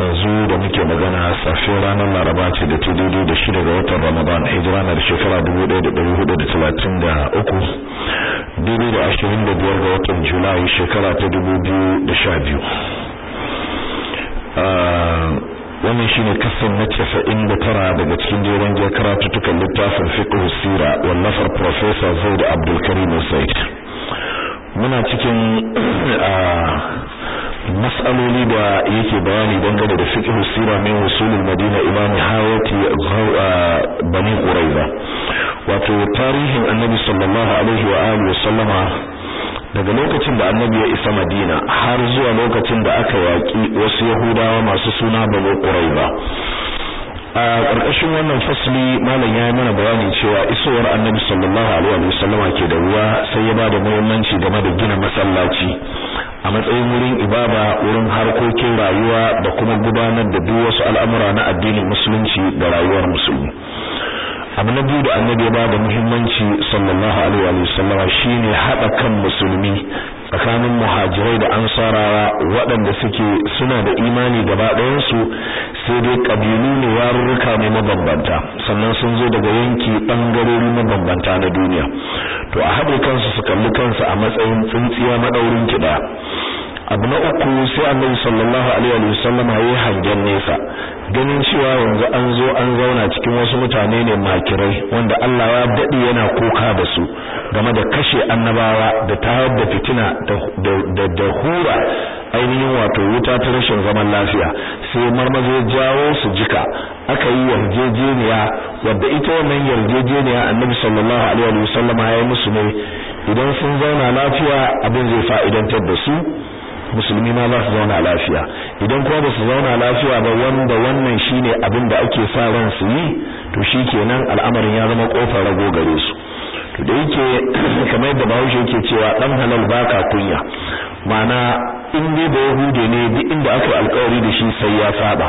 yanzu da muke magana safiyar ranar laraba ce da ta daidai da shida ga watan ramadan hijira na da shekara dubu ɗaya da ɗari hudu da talatin da uku dubu da ashirin da biyar ga watan julai shekara ta dubu biyu da sha biyu ah, wannan shine kasan na casa'in da tara daga cikin jeren jiya karatuttukan littafin fiqh sira wallafar professor zaid abdulkarim said muna cikin ah, mas'aloli da yake bayani dangane da fiqh sira min usulul madina imam hawati uh, bani quraiza wato tarihin annabi sallallahu alaihi wa alihi wa sallama daga lokacin da annabi ya isa madina har zuwa lokacin da aka yaki wasu yahudawa masu suna bani quraiza a ƙarƙashin wannan fasli malam ya yi mana bayani cewa isowar annabi sallallahu alaihi wa sallama ke da ruwa sai ya bada muhimmanci game da gina masallaci a matsayin wurin ibada wurin harkokin rayuwa da kuma gudanar da duk wasu al'amura na addinin musulunci da rayuwar musulmi abu na biyu da annabi ya bada muhimmanci sallallahu alaihi wa sallama shine haɗa kan musulmi tsakanin muhajirai da ansarawa waɗanda suke suna da imani gaba ɗayansu sai dai ƙabilu ne yarurruka ne mabambanta sannan sun zo daga yanki ɓangarori mabambanta na duniya to a haɗe kansu su kalli kansu a matsayin tsintsiya maɗaurin kiɗa abu na uku sai annabi sallallahu alaihi wa sallam yi hangen nesa ganin cewa yanzu an zo an zauna cikin wasu mutane ne makirai wanda Allah ya dadi yana kuka da su game da kashe annabawa da tayar da fitina da da hura ainihin wato wuta ta rashin zaman lafiya sai marmaje jawo su jika aka yi yarjejeniya wadda ita wannan yarjejeniya annabi sallallahu alaihi wa sallam ya yi musu ne idan sun zauna lafiya abin zai fa'idantar da su musulmi ma za su zauna lafiya idan kuma ba su zauna lafiya ba wanda wannan shine abin da ake sa ran su yi to shi kenan al'amarin ya zama kofar rago gare su to da yake kamar yadda bahaushe yake cewa dan halal baka kunya ma'ana in dai da yahude ne duk inda aka alƙawari da shi sai ya saba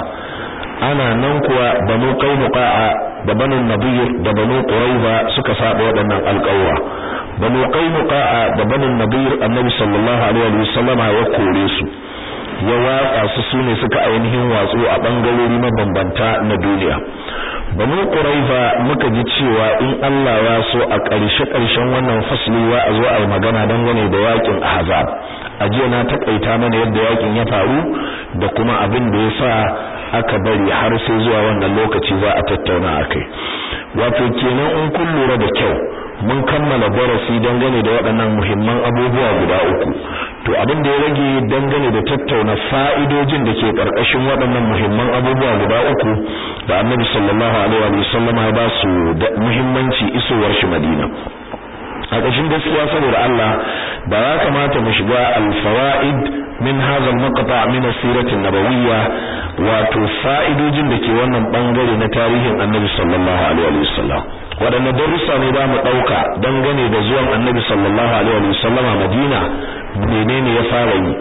ana nan kuwa banu qainuqa da banu nadir da banu quraiba suka saba waɗannan alƙawwa banu qainuqa da banu nadir annabi sallallahu alaihi wasallam ya kore su ya waka su sune suka ainihin watsu a bangarori mabambanta na duniya banu quraiba muka ji cewa in Allah ya so a ƙarshe ƙarshen wannan fasli wa a zo a magana dan gane da yakin ahzab a jiya na takaita mana yadda yakin ya faru da kuma abin da ya sa aka bari har sai zuwa wannan lokaci za a tattauna a kai wato kenan in kun lura da kyau mun kammala darasi dangane da waɗannan muhimman abubuwa guda uku to abin da ya rage dangane da tattauna fa'idojin da ke ƙarƙashin waɗannan muhimman abubuwa guda uku da Annabi sallallahu alaihi wa sallama ya ba su muhimmanci isowar shi Madina a ƙashin gaskiya saboda Allah ba ya kamata mu shiga alfawa'id min hadha al-maqta' min as-sirah nabawiyya wato fa'idojin da ke wannan bangare na tarihin Annabi sallallahu alaihi wa sallam wadanne darussa ne zamu dauka dangane da zuwan Annabi sallallahu alaihi wa a Madina menene ya fara yi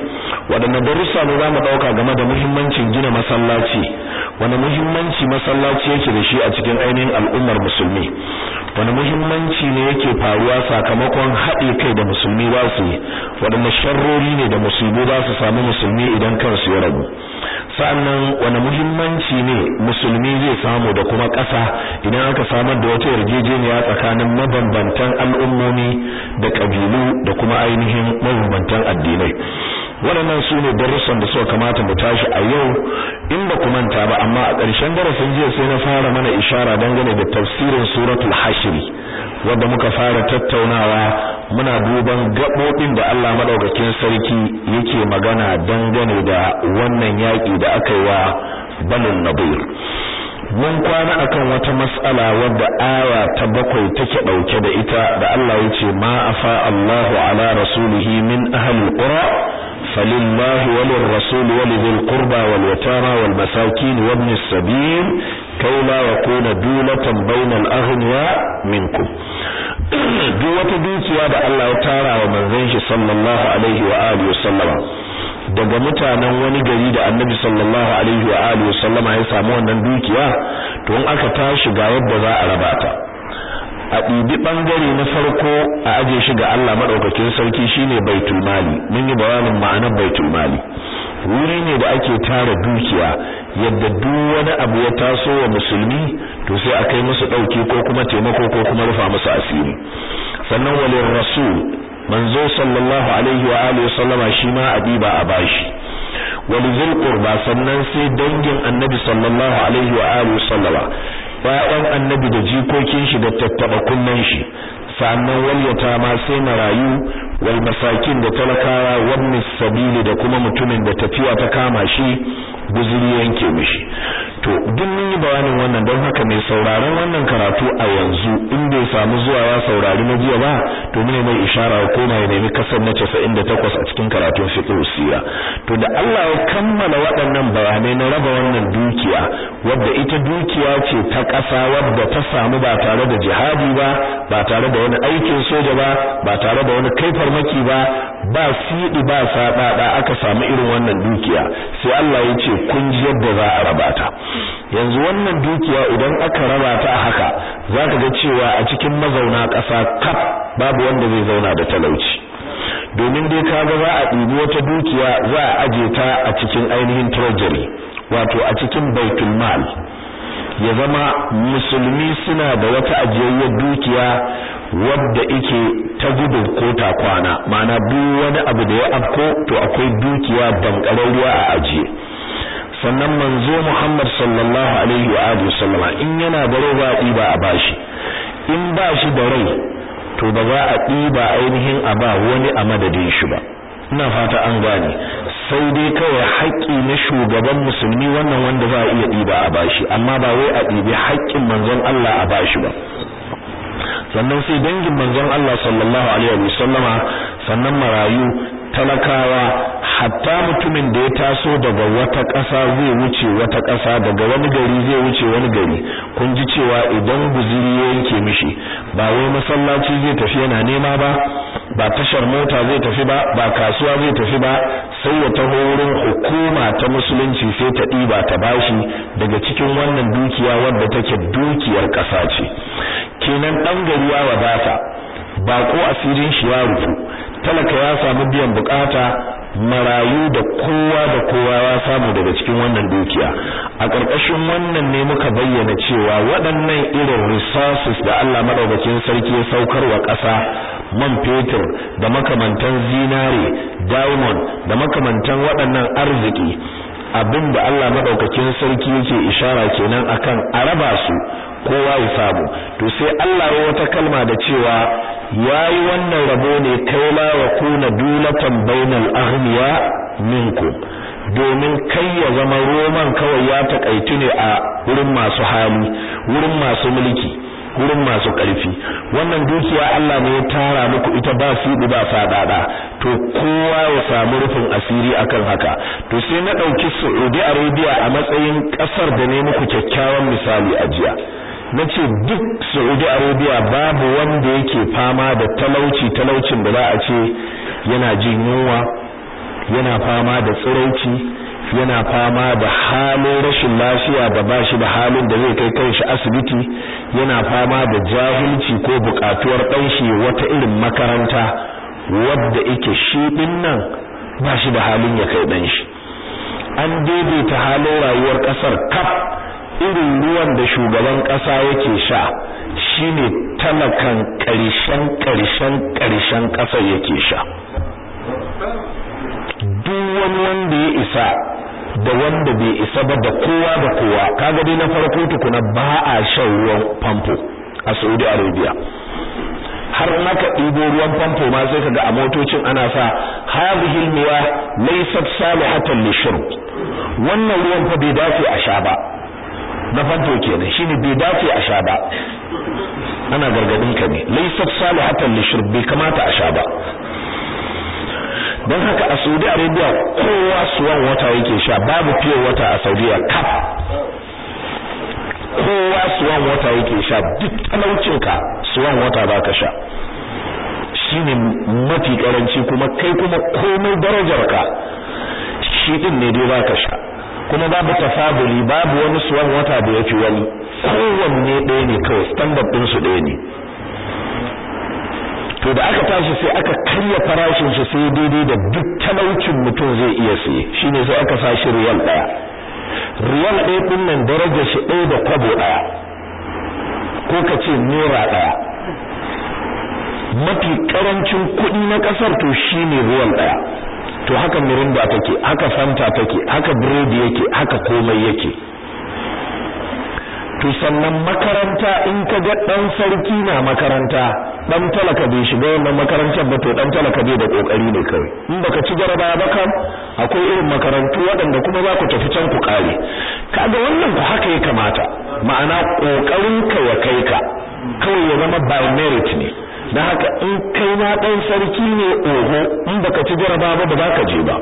waɗanne darussa ne za mu ɗauka game da muhimmancin gina masallaci wani muhimmanci masallaci yake da shi a cikin ainihin al'ummar musulmi wani muhimmanci ne yake faruwa sakamakon haɗe kai da musulmi ba su yi waɗanne sharrori ne da musulmi ba su samu musulmi idan kan su ya rabu sa'annan wani muhimmanci ne musulmi zai samu da kuma ƙasa idan aka samar da wata yarjejeniya tsakanin mabambantan al'ummomi da ƙabilu da kuma ainihin mabambantan makamantan addinai waɗannan su ne darussan da suka kamata mu tashi a yau in ba ku manta ba amma a ƙarshen darasin jiya sai na fara mana ishara dangane da tafsirin suratul hashri wanda muka fara tattaunawa muna duban gaɓoɓin da Allah madaukakin sarki yake magana dangane da wannan yaƙi da aka yi wa banun nabir mun kwana akan wata mas'ala wadda aya ta bakwai take dauke da ita da Allah ce ma afa Allahu ala rasulihi min ahli alqura falillahi walil rasul walil qurba wal yatama wal masakin wabn as-sabil Kai la yakuna dulatan bainal aghniya minkum duk wata dukiya da Allah ya tara wa manzon shi sallallahu alaihi wa alihi wa sallama daga mutanen wani gari da annabi sallallahu alaihi wa alihi wasallama ya samu wannan dukiya to in aka tashi ga yadda za a raba ta a ɗibi ɓangare na farko a aje shi ga Allah maɗaukakin sarki shine baitul mali mun yi bayanin ma'anar baitul mali wuri ne da ake tara dukiya yadda duk wani abu ya taso wa musulmi to sai a kai musu ɗauke ko kuma taimako ko kuma rufa musu asiri sannan walin rasul manzo sallallahu alaihi wa alihi sallama shi ma adiba a bashi wani zulkur ba sannan sai dangin annabi sallallahu alaihi wa alihi sallama ƴaƴan annabi da jikokin shi da tattaba kunnan shi sannan walyata ma sai marayu wal masakin da talakawa wannan sabili da kuma mutumin da tafiya ta kama shi guzuri yanke mishi to duk mun yi bayanin wannan don haka mai sauraron wannan karatu a yanzu in bai samu zuwa ya saurari na jiya ba to mun mai ishara ko ya nemi kasar na 98 a cikin karatun fiqh usira to da Allah ya kammala waɗannan bayanai na raba wannan dukiya wadda ita dukiya ce ta ƙasa wadda ta samu ba tare da jihadi ba ba tare da wani aikin soja ba ba tare da wani kai farmaki ba ba siɗi ba saɗaɗa aka samu irin wannan dukiya sai Allah ya ce kun ji yadda za a rabata. yanzu wannan dukiya idan aka raba ta haka zaka ga cewa a cikin mazauna ƙasa kaf babu wanda zai zauna da talauci domin dai kaga za a ɗibi wata dukiya za a aje ta a cikin ainihin treasury wato a cikin baitul mal ya zama musulmi suna da wata ajiyayyar dukiya wadda ike ta gudu ko ta kwana ma'ana duk wani abu da ya afko to akwai dukiya ruwa a ajiye sannan manzo Muhammad sallallahu alaihi wa alihi sallama in yana da rai ba a ɗiba a bashi in ba shi da rai to ba za a ɗiba ainihin a ba wani a madadin shi ba ina fata an gane sai dai kawai haƙƙi na shugaban musulmi wannan wanda za a iya ɗiba a bashi amma ba wai a ɗibi haƙƙin manzon Allah a bashi ba sannan sai dangin manzon Allah sallallahu alaihi wa sallama sannan marayu talakawa hatta mutumin da ya taso daga wata ƙasa zai wuce wata ƙasa daga wani gari zai wuce wani gari kun ji cewa idan guziri ya yanke mishi ba wai masallaci zai tafi yana nema ba ba tashar mota zai tafi ba ba kasuwa zai tafi ba sai ya taho wurin hukuma ta musulunci sai ta ɗiba ta bashi daga cikin wannan dukiya wadda take dukiyar ƙasa ce kenan ɗan gari ya wadata ba ko asirin shi ya rufu talaka ya samu biyan bukata marayu da kowa da kowa ya samu daga cikin wannan dukiya a ƙarƙashin wannan ne muka bayyana cewa waɗannan irin resources da Allah madaukakin sarki ya saukar wa ƙasa man fetur da makamantan zinare diamond da makamantan waɗannan arziki abin da Allah maɗaukacin sarki yake ishara kenan akan a raba su kowa ya samu to sai Allah ya wata kalma da cewa yayi wannan rabo ne kai la wa kuna dulatan bainal aghniya minkum domin kai ya zama roman kawai ya takaitu ne a wurin masu hali wurin masu mulki wurin masu ƙarfi wannan dukiya Allah ne ya tara muku ita ba su ba fadada to kowa ya samu rufin asiri akan haka to sai na ɗauki Saudi Arabia a matsayin ƙasar da ne muku kyakkyawan misali a jiya nace duk Saudi Arabia babu wanda yake fama da talauci talaucin da za a ce yana jin yunwa yana fama da tsirauci yana fama da halin rashin lafiya da ba shi da halin da zai kai kanshi asibiti yana fama da jahilci ko buƙatuwar ɗanshi wata irin makaranta wadda yake shi din nan ba shi da halin ya kai dan shi an daidaita halin rayuwar kasar kaf irin ruwan da shugaban kasa yake sha shine talakan karshen karshen karshen kasa yake sha duk wani wanda ya isa da wanda bai isa ba da kowa da kowa kaga dai na farko tukuna ba a shan ruwan pampo a Saudi Arabia har naka ɗibo ruwan famfo ma sai kaga a motocin ana sa hadhihi almiya laysat salihatan lishurb wannan ruwan fa bai dace a sha ba na famfo kenan shine bai dace a sha ba ana gargadin ka ne laysat salihatan lishurb bai kamata a sha ba don haka a Saudi Arabia kowa suwan wata yake sha babu fiye wata a Saudiya kaf kowa suwan wata yake sha duk talaucin ka suwan wata ba ka sha shi ne mafi karanci kuma kai kuma komai darajar ka shi din ne dai ka sha kuma babu tafaduli babu wani suwan wata da yake wani kowanne ɗaya ne kawai standard din su ɗaya ne to da aka tashi sai aka karya farashin shi sai daidai da duk talaucin mutum zai iya siye shine sai aka sa shi riyal ɗaya riyal ɗaya ɗinnan darajar shi ɗaya da kwabo ɗaya ko ka ce naira ɗaya mafi ƙarancin kuɗi na ƙasar to shi ne riyal ɗaya to haka mirinda take haka fanta take haka biredi yake haka komai yake to sannan makaranta in ka ga dan sarki na makaranta dan talaka bai shiga wannan makarantar ba to dan talaka bai da kokari ne kai in baka ci jaraba ba kan akwai irin makarantu waɗanda kuma za ku tafi can ku kare kaga wannan ba haka ya kamata ma'ana kokarin ka ya kai ka kawai ya zama by merit ne dan haka in kai na dan sarki ne oho in baka ci jaraba ba ba za ka je ba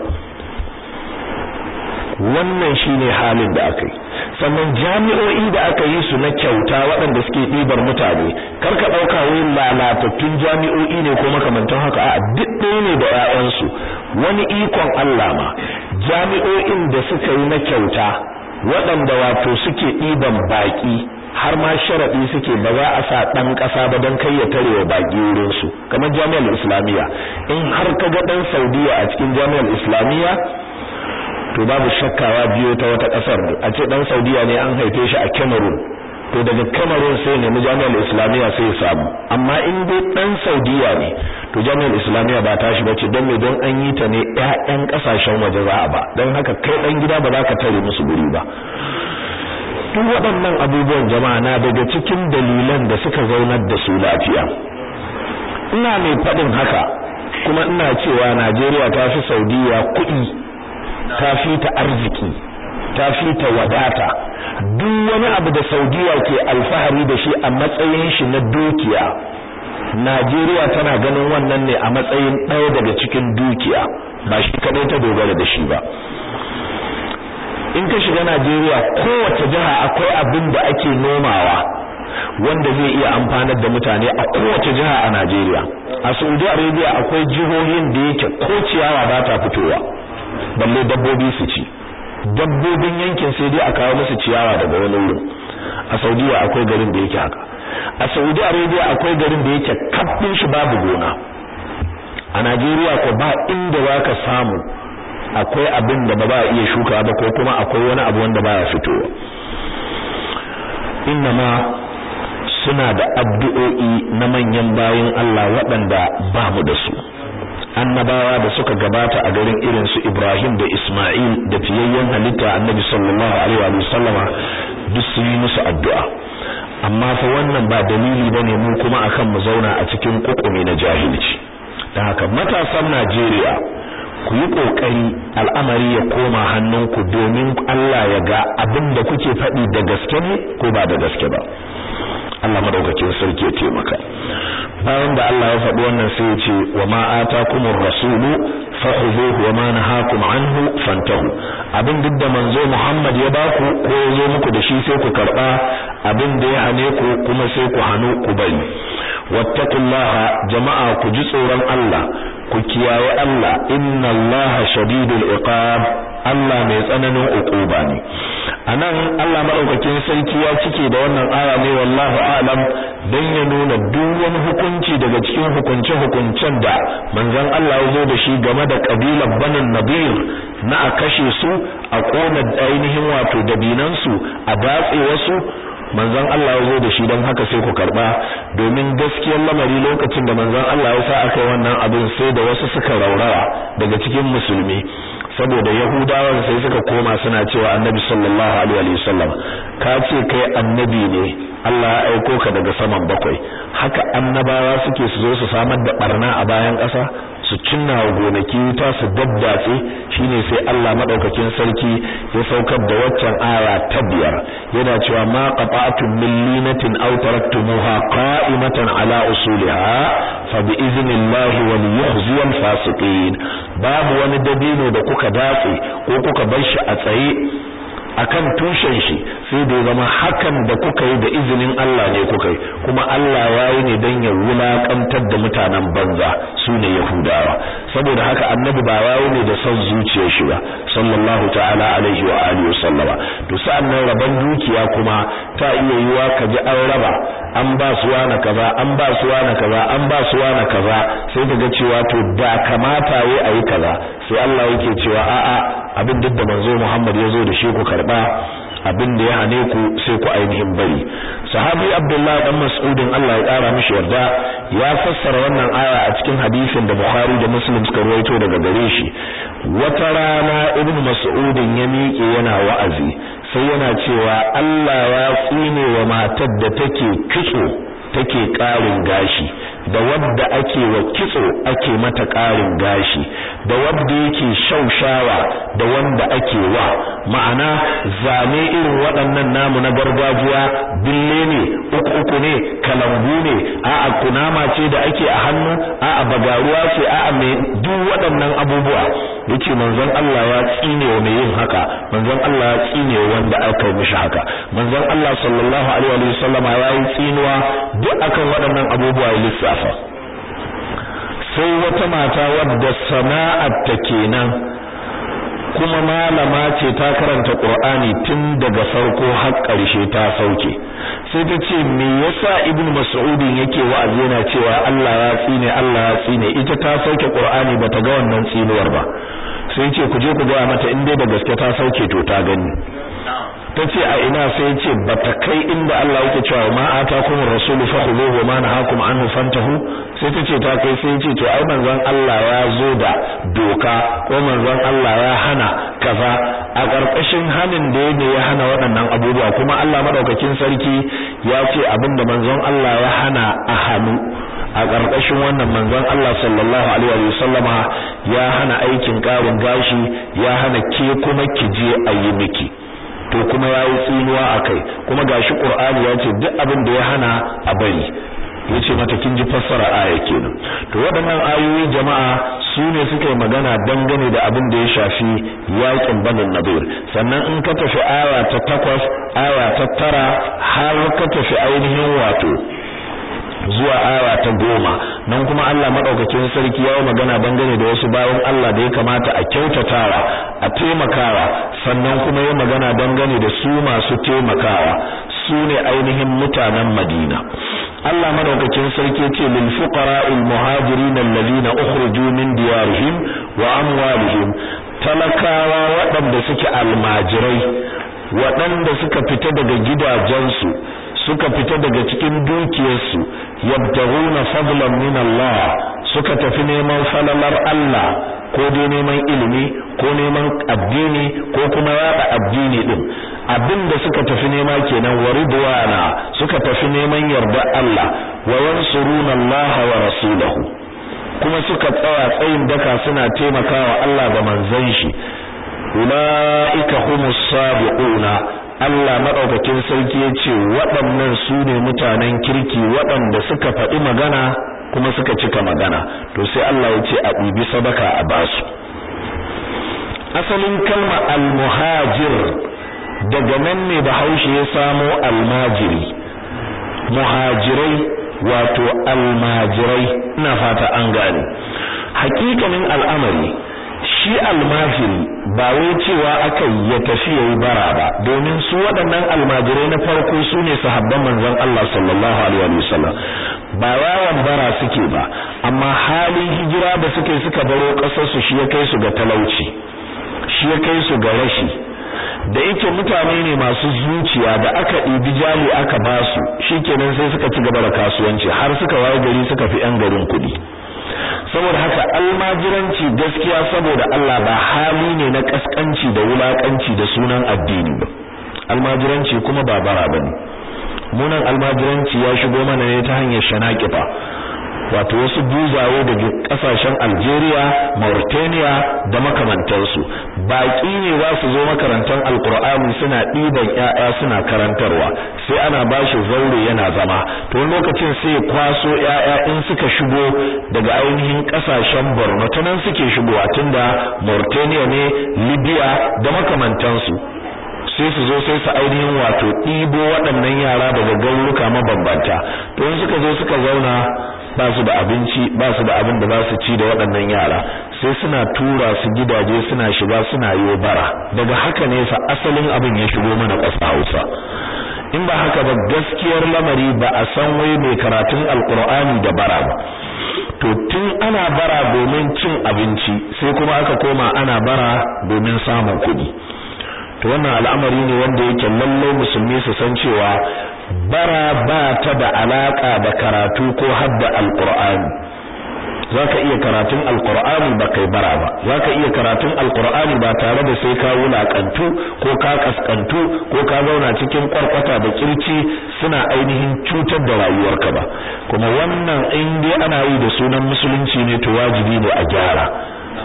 wannan shine halin da aka yi sannan jami'o'i da aka yi su na kyauta waɗanda suke ɗibar mutane kar ka ɗauka wai lalatattun jami'o'i ne ko makamantan haka a duk ɗaya ne da 'ya'yansu wani ikon Allah ma jami'o'in da suka yi na kyauta waɗanda wato suke ɗiban baƙi har ma sharaɗi suke ba za a sa ɗan ƙasa ba don kai ya tare wa baƙi wurinsu kamar jami'ar islamiyya in har ka ga ɗan saudiya a cikin jami'ar islamiyya to babu shakkawa biyo ta wata kasar a ce dan saudiya ne an haife shi a cameroon to daga cameroon sai mu jami'ar islamiyya sai ya samu amma in dai dan saudiya ne to jami'ar islamiyya ba ta tashi bace dan me don an yi ta ne ƴaƴan kasashen waje za a ba dan haka kai dan gida ba za ka tare musu guri ba duk waɗannan abubuwan jama'a na daga cikin dalilan da suka zaunar da su lafiya ina mai faɗin haka kuma ina cewa Najeriya ta fi Saudiya kuɗi ta fi ta arziki ta fi ta wadata duk wani abu da saudiya ke alfahari da shi a matsayin shi na dukiya najeriya tana ganin wannan ne a matsayin ɗaya daga cikin dukiya ba shi kaɗai ta dogara da shi ba in ka shiga najeriya kowace jiha akwai abin da ake nomawa wanda zai iya amfanar da mutane a kowace jiha a Najeriya a Saudi Arabia akwai jihohin da yake ko ciyawa ba ta fitowa balle dabbobi su ci dabbobin yankin sai dai a kawo musu ciyawa daga wani wuri a saudiya akwai garin da yake haka a saudi arabia akwai garin da yake kafin shi babu gona a najeriya ko ba inda za ka samu akwai abin da ba za a iya shuka ba ko kuma akwai wani abu wanda baya fitowa ma suna da addu'o'i na manyan bayin Allah waɗanda ba mu da su annabawa da suka gabata a garin irin su Ibrahim da Isma'il da fiyayyen halitta annabi sallallahu alaihi wa sallama duk sun yi musu addu'a amma fa wannan ba dalili bane mu kuma akan mu zauna a cikin kukumi na jahilci dan haka matasan Najeriya ku yi kokari al'amari ya koma hannunku domin Allah ya ga abin da kuke faɗi da gaske ne ko ba da gaske ba Allah madaukakin sarki ya taimaka bayan da Allah ya faɗi wannan sai ya ce wa ma atakumur rasulu fakhuzuhu wa ma nahakum anhu fantahu abin duk da manzo Muhammad ya baku ko ya zo muku da shi sai ku karba abin da ya hane ku kuma sai ku hanu ku bari wattaqullaha jama'a ku ji tsoron Allah ku kiyaye Allah innallaha shadidul iqab Allah mai tsananin uquba ne anan Allah madaukakin sarki ya cike da wannan aya ne wallahi a'lam dan ya nuna duk wani hukunci daga cikin hukunce hukuncen da manzon Allah ya zo da shi game da kabilar banin Nadir na a kashe su a kona ainihin wato dabinan su a datse wasu manzon Allah ya zo da shi don haka sai ku karba domin gaskiyar lamari lokacin da manzon Allah ya sa aka yi wannan abin sai da wasu suka raurawa daga cikin musulmi saboda yahudawan sai suka koma suna cewa annabi sallallahu alaihi wasallam ka ce kai annabi ne Allah ya aiko ka daga saman bakwai haka annabawa suke su zo su samar da barna a bayan ƙasa su cinna wa gonaki ta su daddatse shine sai Allah madaukakin sarki ya saukar da waccan aya ta biyar yana cewa ma qata'tum min linatin aw taraktumuha qa'imatan ala usuliha fa bi idhnillahi wa liyukhziya alfasiqin babu wani dabino da kuka datse ko kuka bar shi a tsaye akan tushen shi sai da zama hakan da kuka yi da izinin Allah ne kuka yi kuma Allah ya yi ne don ya wulakantar da mutanen banza su ne yahudawa saboda haka annabi ba ya ne da son zuciyar shi ba sallallahu ta'ala alaihi wa alihi wa sallama to sannan rabon dukiya kuma ta iya yiwa kaji an raba an ba su wani kaza an ba su wani kaza an ba su wani kaza sai ka ga cewa to da kamata yayi ayi kaza sai Allah yake cewa a'a abin duk da manzo Muhammad ya zo da shi ku karba abin da ya hane ku sai ku ainihin bari sahabi abdullah dan mas'udin Allah ya kara mishi yarda ya fassara wannan aya a cikin hadisin da bukhari da muslim suka rawaito daga gare shi wata rana ibn mas'udin ya miƙe yana wa'azi sai yana cewa Allah ya tsine wa matar da take kitso take ƙarin gashi da wadda ake wa kitso ake mata ƙarin gashi da wadda yake shaushawa da wanda ake wa ma'ana zane irin waɗannan namu na gargajiya bille ne uku uku ne kalambu ne a'a kunama ce da ake a hannu a'a bagaruwa ce a'a mai duk waɗannan abubuwa yake manzon Allah ya tsine wa mai yin haka manzon Allah ya tsine wanda aka yi mishi haka manzon Allah sallallahu alaihi wa sallama ya yi tsinuwa duk akan waɗannan abubuwa ya lissafa sai wata mata wadda sana'arta kenan kuma malama ce ta karanta Qur'ani tun daga farko har ƙarshe ta sauke sai ta ce me yasa Ibn Mas'ud yake wa'azi yana cewa Allah ya tsine Allah ya tsine ita ta sauke Qur'ani bata ga wannan tsinuwar ba sai ce ku je ku ga mata in dai da gaske ta sauke to ta gani ta ce a ina sai ya ce ba ta kai inda Allah yake cewa ma ata kuma rasulu fa zai wa ma nahakum anhu fantahu sai ta ce ta kai sai ya ce to ai manzon Allah ya zo da doka ko manzon Allah ya hana kaza a ƙarƙashin hanin da yake ya hana waɗannan abubuwa kuma Allah madaukakin sarki ya ce abinda manzon Allah ya hana a hannu a ƙarƙashin wannan manzon Allah sallallahu alaihi wa sallama ya hana aikin ƙarin gashi ya hana ke kuma kije ayi miki to kuma ya yi tsinuwa a kai kuma ga shi ƙur'ani ya ce duk abin da ya hana a bari yace mata kin ji fassara aya kenan to waɗannan ayoyi jama'a su ne suka yi magana dangane da abin da ya shafi yaƙin banin nadir sannan in ka tafi aya ta takwas aya ta tara har ka tafi ainihin wato zuwa aya ta goma nan kuma Allah madaukakin sarki ya yi magana dangane da wasu bayan Allah da ya kamata a kyautatawa a taimakawa sannan kuma ya magana dangane da su masu taimakawa su ne ainihin mutanen Madina Allah madaukakin sarki ce lil muhajiri, muhajirin alladhina ukhriju min diyarihim wa amwalihim talakawa waɗanda suke almajirai waɗanda suka fita daga gidajensu suka fita daga cikin dukiyarsu yabtaguna fadlan min Allah suka tafi neman falalar Allah ko dai neman ilimi ko neman addini ko kuma yada addini din abinda suka tafi nema kenan waridwana suka tafi neman yarda Allah wa yansuruna Allah wa rasulahu kuma suka tsaya tsayin daka suna taimakawa Allah da manzon shi ulaika humus sabiquna Allah maɗaukakin sarki ya ce waɗannan su ne mutanen kirki waɗanda suka faɗi magana kuma suka cika magana to sai Allah ya ce a ɗibi sadaka a basu asalin kalma al muhajir daga nan ne bahaushe ya samo almajiri muhajirai wato almajirai ina fata an gane hakikanin al'amari shi almajiri ba wai cewa aka yi ya tafi yayi bara ba domin su waɗannan almajirai na farko su ne sahabban manzon Allah sallallahu alaihi wa sallam ba yawan bara suke ba amma halin hijira da suke suka baro ƙasar su shi ya kai su ga talauci shi ya kai su ga rashi da yake mutane ne masu zuciya da aka ɗibi jali aka basu shikenan sai suka ci gaba da kasuwanci har suka waye gari suka fi 'yan garin kuɗi saboda haka almajiranci gaskiya saboda Allah ba hali ne na kaskanci da wulakanci da sunan addini ba almajiranci kuma ba bara bane munan almajiranci ya shigo mana ne ta hanyar shanaqifa wato wasu gizawo daga kasashen Algeria Mauritania da makamantansu baki ne za su zo makarantar alkur'ani suna ɗiban 'ya'ya suna karantarwa sai ana bashi zaure yana zama to lokacin sai kwaso 'ya'ya in suka shigo daga ainihin kasashen Borno ta nan suke shigowa tunda Mauritania ne Libya da makamantansu sai su zo sai su ainihin wato ɗibo waɗannan yara daga garuruka mabambanta to in suka zo suka zauna ba su da abinci ba su da abin da za su ci da waɗannan yara sai suna tura su gidaje suna shiga suna wa bara daga haka ne fa asalin abin ya shigo mana ƙasa Hausa in ba haka ba gaskiyar lamari ba a san wai mai karatun alkur'ani da bara ba to tun ana bara domin cin abinci sai kuma aka koma ana bara domin samun kuɗi to wannan al'amari ne wanda yake lallai musulmi su san cewa bara ba ta da alaƙa da karatu ko hadda alqur'ani zaka iya karatun alqur'ani ba kai bara ba zaka iya karatun alqur'ani ba tare da sai ka wulaƙantu, ko ka ƙasƙantu, ko ka zauna cikin kwarkwata da kirci suna ainihin cutar da rayuwarka ba kuma wannan in dai ana yi da sunan musulunci ne to wajibi ne a gyara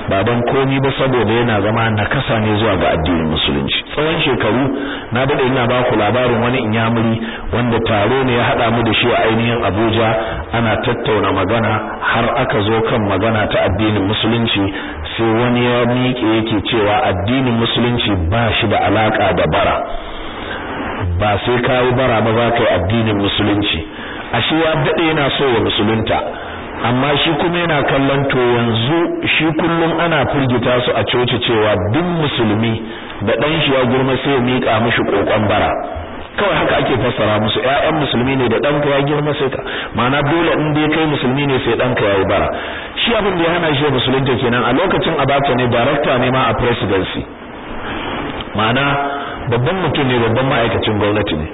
Baban komi ba saboda yana zama nakasa ne zuwa ga addinin musulunci tsawon shekaru na bada ina ba ku labarin wani inyamuri wanda taro ne ya hada mu da shi a ainihin Abuja ana tattauna magana har aka zo kan magana ta addinin musulunci sai wani ya miƙe yake cewa addinin musulunci ba shi da alaka da bara ba sai kawo bara ba za ka yi addinin musulunci a shi ya daɗe yana so wa musulunta amma shi kuma yana kallon to yanzu shi kullum ana firgita su a coci cewa duk musulmi da ɗan shi ya girma sai ya miƙa mishi kokon bara kawai haka ake fassara musu ƴaƴan musulmi ne da ɗanka ya girma sai ka ma'ana dole in dai kai musulmi ne sai ɗanka ya yi bara shi abin da ya hana shi musulunta kenan a lokacin abacha ne darakta ne ma a presidency ma'ana babban mutum ne babban ma'aikacin gwamnati ne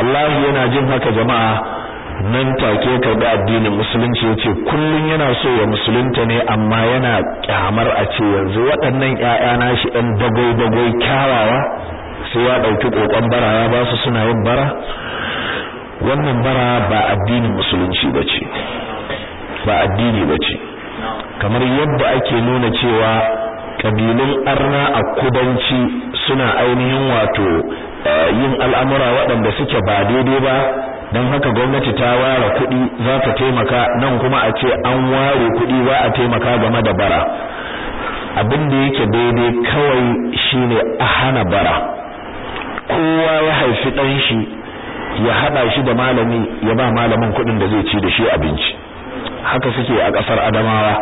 Allah yana jin haka jama'a nan take ka karbi addinin musulunci yace kullun yana so ya musulunta ne amma yana kyamar a ce yanzu waɗannan ƴaƴa shi ɗan dagoi dagoi kyawawa sai ya dauki kokon bara ya ba su suna yin bara wannan bara ba addinin musulunci bace ba addini bace kamar yadda ake nuna cewa kabilun arna a kudanci suna ainihin wato eh, yin al'amura waɗanda suke ba daidai ba don haka gwamnati ta ware kudi za ta taimaka nan kuma a ce an ware kudi za a taimaka game da bara abin da yake daidai kawai shine a hana bara kowa ya haifi ɗan shi ya haɗa shi da malami ya ba malamin kudin da zai ci da shi abinci haka suke a kasar adamawa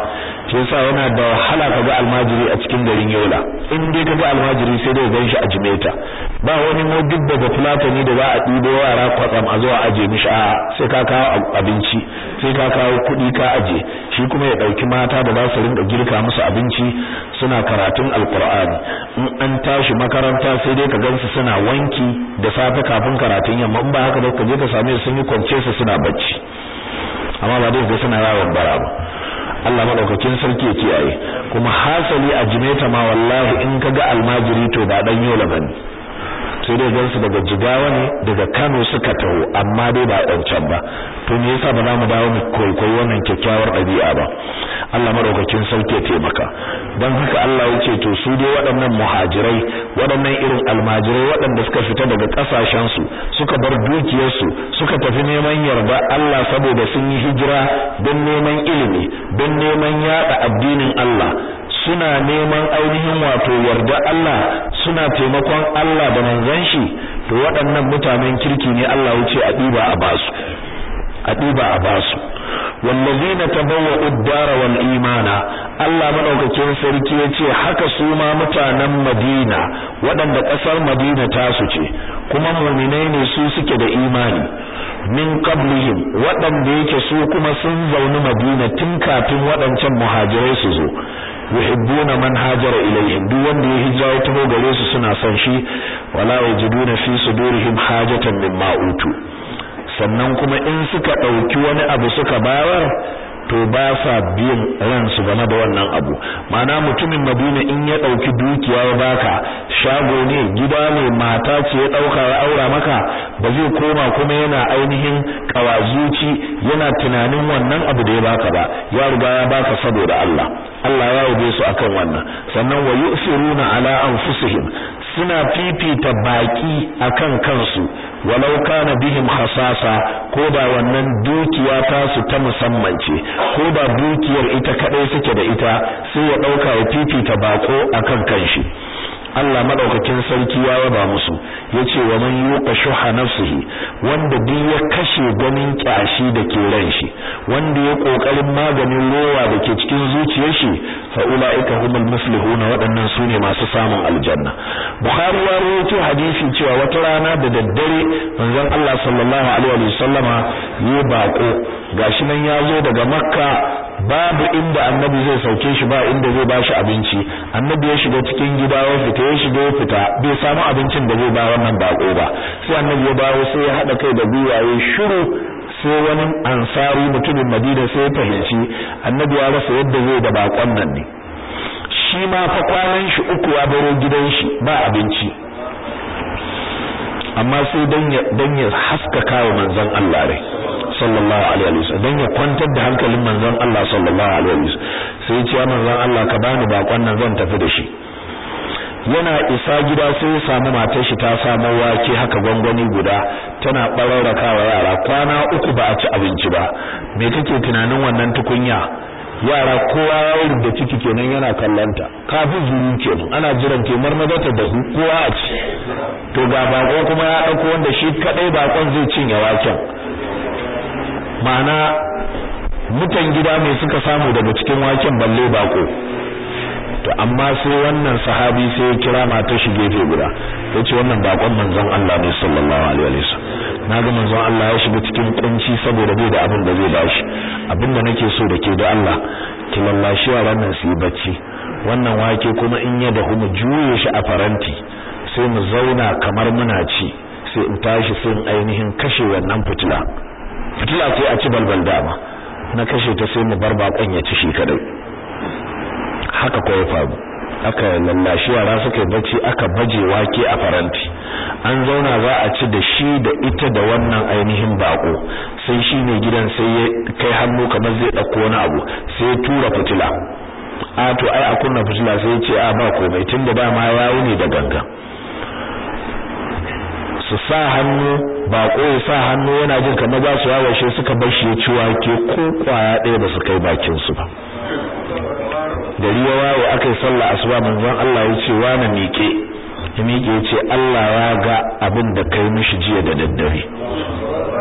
shi yasa yana da wahala ka ga almajiri a cikin garin yola in dai ka ga almajiri sai dai gan shi a jimeta ba wani mu duk daga fulatani da za a ɗibo yara kwatsam a zuwa aje mishi a sai ka kawo abinci sai ka kawo kuɗi ka aje shi kuma ya ɗauki mata da za su rinka girka musu abinci suna karatun alkur'ani in an tashi makaranta sai dai ka gansu suna wanki da safe kafin karatun yamma in ba haka ba ka je ka same su sun yi kwance su suna bacci amma ba dai ga suna yawon bara ba Allah madaukakin sarki ya kiyaye kuma hasali a jimeta ma wallahi in kaga almajiri to ba dan yola bane sai dai gansu daga jigawa ne daga Kano suka taho amma dai ba can ba to me yasa ba za mu dawo mu koyi wannan kyakkyawar ɗabi'a ba Allah madaukakin sauke taimaka don haka Allah wuce to su dai waɗannan muhajirai waɗannan irin almajirai waɗanda suka fita daga ƙasashensu suka bar dukiyarsu suka tafi neman yarda Allah saboda sun yi hijira don neman ilimi don neman yada addinin Allah suna neman ainihin wato yarda Allah suna taimakon Allah da manzon shi to waɗannan mutanen kirki ne Allah ya ce a diba a basu a diba a basu wallazina tabawwa ad wal imana Allah madaukakin sarki ya ce haka su ma mutanen Madina waɗanda ƙasar Madina ta su ce kuma mu'minai ne su suke da imani min qablihim waɗanda yake su kuma sun zauni Madina tun kafin waɗancan muhajirai su zo yuhibbuna man hajara ilayhim duk wanda ya hijira ya taho gare su suna son shi wala yajiduna fi sudurihim hajatan mimma utu sannan kuma in suka dauki wani abu suka bayar to ba sa biyan ransu game da wannan abu ma'ana mutumin Madina in ya dauki dukiya ya baka shago ne gida ne mata ce ya dauka ya aura maka ba zai koma kuma yana ainihin kawazuci yana tunanin wannan abu da ya baka ba ya riga ya baka saboda Allah Allah ya yabe su akan wannan sannan wa yusiruna ala anfusihim suna fifita baki akan kansu walau kana bihim khasasa ko da wannan dukiya ta su ta musamman ce ko da dukiyar ita kadai suke da ita sai ya dauka ya fifita bako akan kanshi Allah madaukakin sarki ya yaba musu yace wa man yuqa shuha nafsihi wanda duk ya kashe ganin kyashi da ke ran shi wanda ya kokarin maganin rowa da ke cikin zuciyar shi fa ulaika humul muflihuna waɗannan sune masu samun aljanna bukhari ya rawaito hadisi cewa wata rana da daddare manzon Allah sallallahu alaihi Wasallama ya bako gashi nan ya zo daga makka babu inda annabi zai sauke shi ba inda zai bashi abinci annabi ya shiga cikin gida ya fita ta ya shiga ya fita bai samu abincin da zai ba wannan bako ba sai annabi ya bawo sai ya hada kai da biyaye shiru sai wani ansari mutumin madina sai ya fahimci annabi ya rasa yadda zai da bakon nan ne shi ma fa kwanan shi uku ya baro gidan shi ba abinci amma sai dan ya dan ya manzon Allah rai sallallahu alaihi wasallam dan ya kwantar da hankalin manzon Allah sallallahu alaihi wasallam sai ya ce manzon Allah ka bani bakon nan zan tafi da shi yana isa gida sai ya samu matar shi ta samu wake haka gwangwani guda tana bararrakawa yara kwana uku ba a ci abinci ba me kake tunanin wannan tukunya yara kowa ya da ciki kenan yana kallanta kafin zuru kenan ana jiran ke marmazata da kowa a ci to ga bako kuma ya dauko wanda shi kadai bakon zai cinye waken ma'ana mutan gida mai suka samu daga cikin waken balle bako to amma sai wannan sahabi sai ya kira mata shi gefe guda ya ce wannan bakon manzon Allah ne sallallahu alaihi wasallam na ga manzon Allah ya shiga cikin kunci saboda bai da abin da zai bashi abin da nake so da ke da Allah ki lallashi yaran nan su yi bacci wannan wake kuma in ya dahu mu juye shi a faranti sai mu zauna kamar muna ci sai in tashi sai in ainihin kashe wannan fitila fitila sai a ci balbal dama na kashe ta sai mu bar bakon ya ci shi kadai haka kawai faru aka nannashi yara suka bacci aka baje wake a faranti an zauna za a ci da shi da ita da wannan ainihin bako sai shi ne gidan sai ya kai hannu kamar zai ɗauko wani abu sai ya tura fitila a to ai a kunna fitila sai ya ce a ba komai tunda ba ma yawo ne da ganga su sa hannu bako ya sa hannu yana jin kamar za su shi suka bar shi ya ci wake ko kwaya ɗaya ba su kai bakin su ba gari ya waye aka yi sallah asuba manzon Allah ya ce wani miƙe ya miƙe ya ce Allah ya ga abin da kai mishi jiya da daddare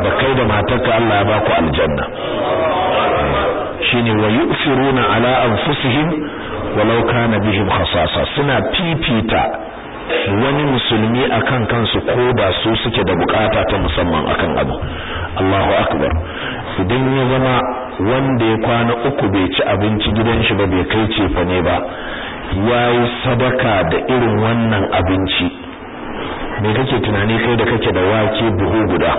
da kai da matarka Allah ya ku aljanna shine wayu yusiruna ala anfusihim walau kana bihim khasasa suna fifita wani musulmi akan kansu ko da su suke da bukata ta musamman akan abu Allahu akbar idan ya zama wanda ya kwana uku bai ci abinci gidan shi ba bai kai cefa ne ba yayi sadaka da irin wannan abinci me kake tunani kai da kake da wake buhu guda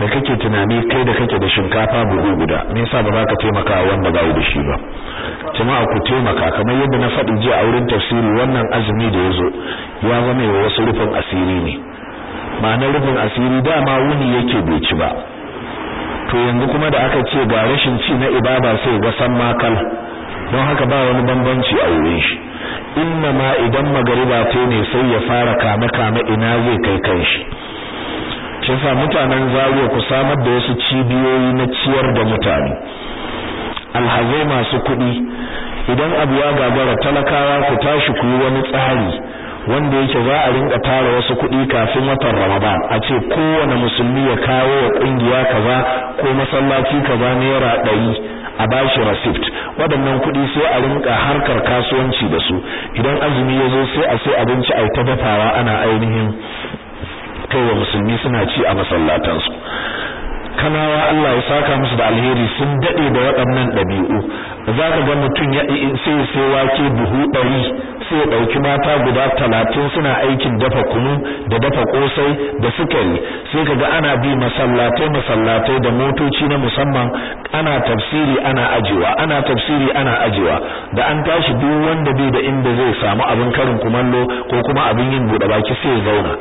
me kake tunani kai da kake da shinkafa buhu guda me yasa ba za ka taimaka wanda bai da shi ba jama'a ku taimaka kamar yadda na faɗi jiya a wurin tafsiri wannan azumi da yazo ya zama wasu rufin asiri ne ma'anar rufin asiri dama wuni yake bai ci ba to yanzu kuma da aka ce ga rashin ci na ibaba sai ga san makal don haka ba wani bambanci a wurin shi inna ma idan magariba ta ne sai ya fara kame kame ina zai kai kan shi shi sa mutanen Zawiya ku samar da wasu cibiyoyi na ciyar da mutane alhazai masu kuɗi idan abu ya gagara talakawa ku tashi ku yi wani tsari wanda yake za a rinka tara wasu kuɗi kafin watan Ramadan a ce kowane musulmi ya kawo wa ƙungiya kaza ko masallaci kaza naira ɗari a bashi receipt waɗannan kuɗi sai a rinka harkar kasuwanci da su idan azumi ya zo sai a sai abinci a ta dafawa ana ainihin kai wa musulmi suna ci a masallatansu kanawa Allah ya saka musu da alheri sun dade da waɗannan ɗabi'u za ka ga mutum ya sai sai wake buhu ɗari sai ɗauki mata guda talatin suna aikin dafa kunu da dafa kosai da sukari sai ka ga ana bi masallatai masallatai da motoci na musamman ana tafsiri ana ajiwa ana tafsiri ana ajiwa da an tashi duk wanda bai da inda zai samu abin karin kumallo ko kuma abin yin buɗe baki sai ya zauna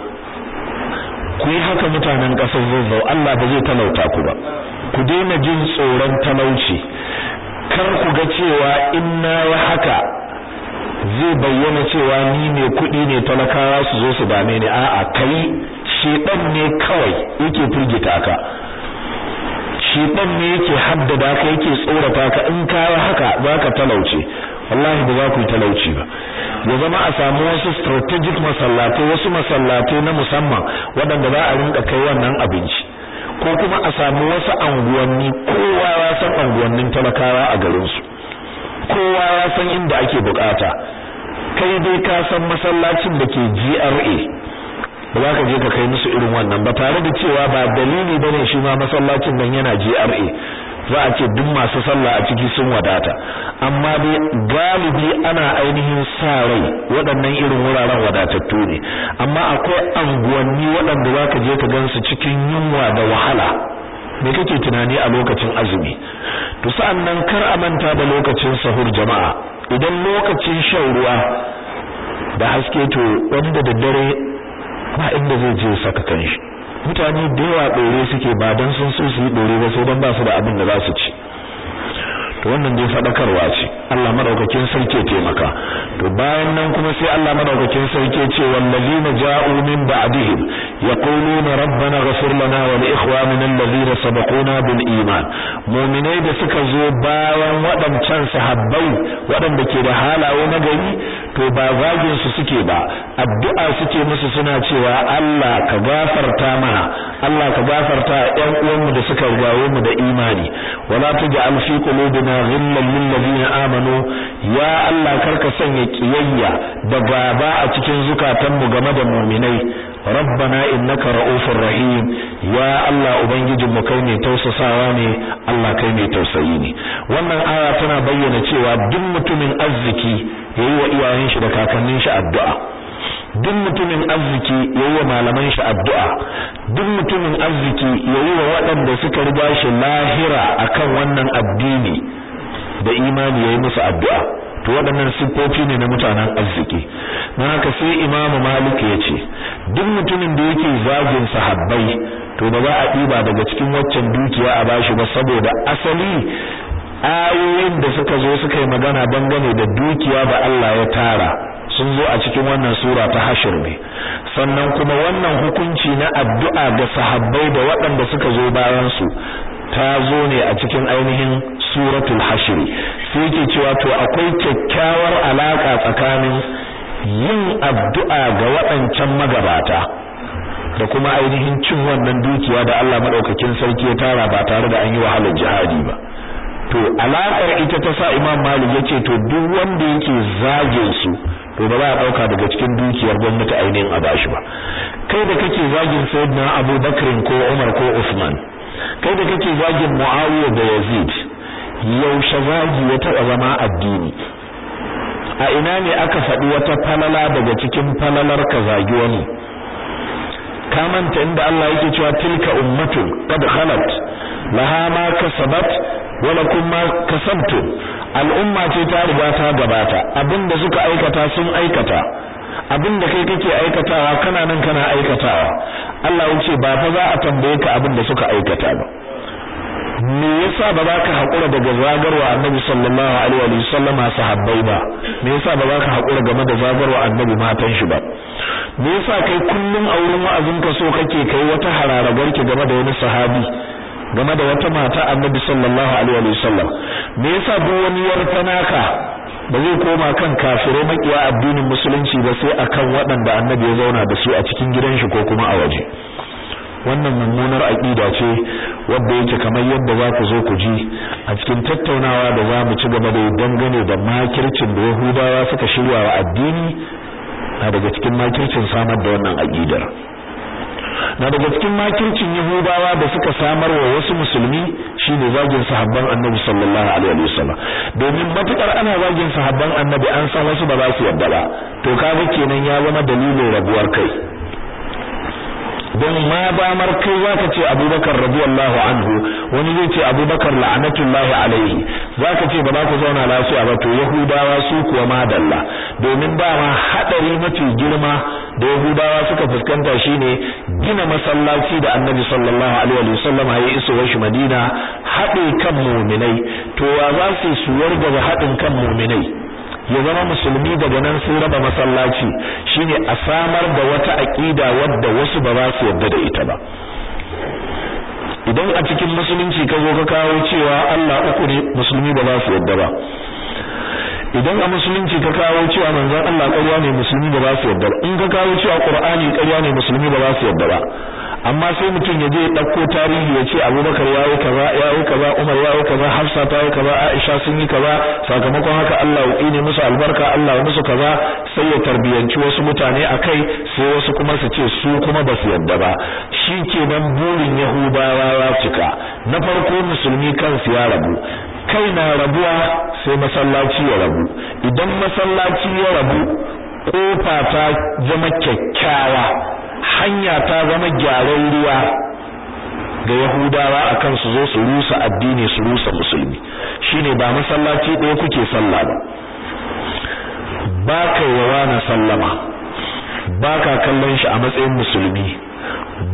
ku yi haka mutanen ƙasar zazzau Allah ba zai talauta ku ba ku daina jin tsoron talauci kar ku ga cewa in na yi haka zai bayyana cewa ni ne kuɗi ne talakawa su zo su dame ni a'a kai shedan ne kawai yake firgita ka shedan ne yake haddada ka yake tsorata ka in ka yi haka za ka talauce wallahi ba za ku yi talauci ba ya zama a samu wasu strategic masallatai wasu masallatai na musamman waɗanda za a rinka kai wannan abinci ko kuma a samu wasu anguwanni kowa ya san anguwannin talakawa a garinsu kowa ya san inda ake bukata kai dai ka san masallacin da ke GRA ba za ka je ka kai musu irin wannan ba tare da cewa ba dalili bane shi ma masallacin nan yana GRA za a ce duk masu sallah a ciki sun wadata amma dai galibi ana ainihin sa rai waɗannan irin wuraren wadatattu ne amma akwai anguwanni waɗanda za ka je ka gansu cikin yunwa da wahala me kake tunani a lokacin azumi to sa'an nan kar a manta da lokacin sahur jama'a idan lokacin shan ruwa da haske to wanda da dare ba inda zai je saka kanshi mutane da yawa ɗore suke ba don sun so su yi ɗore ba sai don ba su da abin da za su ci wannan dai fadakarwa ce Allah madaukakin sarki taimaka to bayan nan kuma sai Allah madaukakin sarki ce wallazina ja'u min ba'dihim yaquluna rabbana ighfir lana wa li ikhwanina allazina sabaquna bil iman mu'minai da suka zo bayan waɗancan sahabbai waɗanda ke da halaye na gari to ba zagin su suke ba addu'a suke musu suna cewa Allah ka gafarta mana Allah ka gafarta ƴan uwanmu da suka gawo mu da imani wala tuj'al fi qulubina ghillan amanu ya allah karka sanya kiyayya da baba a cikin zukatanmu game da mu'minai rabbana innaka ra'ufur rahim ya allah mu kai ne tausasawa ne allah kai ne tausayi ne wannan aya tana bayyana cewa duk mutumin arziki yayi wa iyayen shi da kakannin shi addu'a duk mutumin arziki yayi wa malaman shi addu'a duk mutumin arziki yayi wa waɗanda suka ba shi lahira akan wannan addini da imani yayi musu addu'a to waɗannan siffofi ne na mutanen arziki Na haka sai imamu malik ya ce duk mutumin da yake zagin sahabbai to ba za a ɗiba daga cikin waccan dukiya a bashi ba saboda asali ayoyin da suka zo suka yi magana dangane da dukiya ba Allah ya tara sun zo a cikin wannan sura ta hashir ne sannan kuma wannan hukunci na addu'a ga sahabbai da waɗanda suka zo bayan su ta zo ne a cikin ainihin suratul hashr sai yake cewa to akwai kyakkyawar alaka tsakanin yin addu'a ga waɗancan magabata da kuma ainihin cin wannan dukiya da Allah madaukakin sarki ya tara ba tare da an yi wahalar jihadi ba to alakar ita ta sa Imam Malik yace to duk wanda yake zage su to ba za a dauka daga cikin dukiyar gwamnati ainihin a bashi ba kai da kake zagin Sayyidina Abu Bakr ko Umar ko Usman, kai da kake zagin Muawiya da Yazid yaushe zagi ya taɓa zama addini a ina ne aka faɗi wata falala daga cikin falalar ka zagi wani ka manta inda Allah yake cewa tilka ummatu qad khalat laha ma kasabat wa lakum ma kasabtum al'umma ce ta riga ta gabata abinda suka aikata sun aikata abinda kai kake aikatawa kana nan kana aikatawa Allah yace ba fa za a tambaye ka abinda suka aikata ba me yasa ba za ka hakura daga zagarwa annabi sallallahu alaihi wa sallama sahabbai ba me yasa ba za ka hakura game da zagarwa annabi matan shi ba me yasa kai kullum a wurin wa'azin ka so kake kai wata ki game da wani sahabi game da wata mata annabi sallallahu alaihi wa sallam me yasa duk wani yarfanaka ba zai koma kan kafirai makiya addinin musulunci ba sai akan waɗanda annabi ya zauna da su a cikin gidan shi ko kuma a waje wannan mummunar aƙida ce wanda yake kamar yadda za ku zo ku ji a cikin tattaunawa da za mu ci gaba da dangane da makircin da Yahudawa suka shirya wa addini na daga cikin makircin samar da wannan aqidar na daga cikin makircin Yahudawa da suka samar wa wasu musulmi shine zagin sahabban Annabi sallallahu alaihi wasallam domin matukar ana zagin sahabban Annabi an san wasu ba za su yarda ba to kaga kenan ya zama dalilin rabuwar kai don ma damar kai zaka ce abubakar radiyallahu anhu wani zai ce abubakar la'anatullahi alaihi zaka ce ba za ku zauna lafiya ba to yahudawa su kuwa madalla domin dama hadari mafi girma da yahudawa suka fuskanta shine gina masallaci da annabi sallallahu alaihi sallam ya iso shi madina haɗe kan mu'minai to wa za su suwar da haɗin kan mu'minai ya zama musulmi daga nan sun raba masallaci shine a samar da wata aqida wadda wasu ba za su yarda da ita ba idan a cikin musulunci ka zo ka kawo cewa Allah uku ne musulmi ba za su yarda ba idan a musulunci ka kawo cewa manzon Allah ƙarya ne musulmi ba za su yarda ba in ka kawo cewa Qur'ani ƙarya ne musulmi ba za su yarda ba amma sai mutum ya je ya dauko tarihi ya ce abubakar ya kaza yayi kaza umar yayi kaza hafsa ta yi kaza aisha sun yi kaza sakamakon haka allah ya tsine musu albarka allah ya musu kaza sai ya tarbiyanci wasu mutane a kai sai wasu kuma su ce su kuma ba su yadda ba shi ke nan burin yahudawa ya cika na farko musulmi kansu ya rabu kai na rabuwa sai masallaci ya rabu idan masallaci ya rabu kofa ta zama kyakkyawa hanya ta zama gyaran ruwa ga yahudawa akan su zo su rusa addini su rusa musulmi shine ba masallaci ɗaya kuke sallah ba ba kai wa na sallama ba ka kallon shi a matsayin musulmi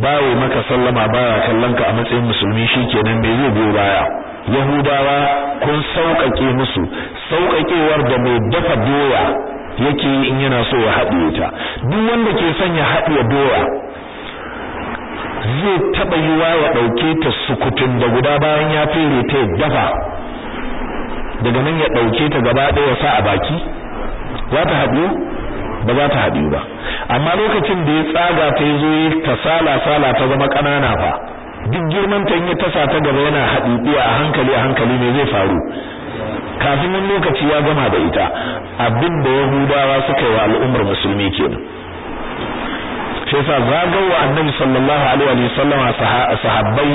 bawo maka sallama baya kallon ka a matsayin musulmi shikenan mai zai biyo baya yahudawa kun sauƙaƙe musu sauƙaƙewar da mai dafa doya yake yi in yana so ya haɗiye ta duk wanda ke son ya haɗiye doya zai taɓa yiwa ya ɗauke ta sukutun da guda bayan ya fere ta dafa daga nan ya ɗauke ta gaba ɗaya sa a baki za ta haɗu ba za ta haɗu ba amma lokacin da ya tsaga ta yi zo ta sala sala ta zama ƙanana fa duk girman ta yi tasa ta gaba yana haɗi a hankali a hankali ne zai faru kafin wani lokaci ya gama da ita abin da yahudawa suka yi wa al'ummar musulmi kenan sai sa zagawa annabi sallallahu alaihi wa sallam sahabbai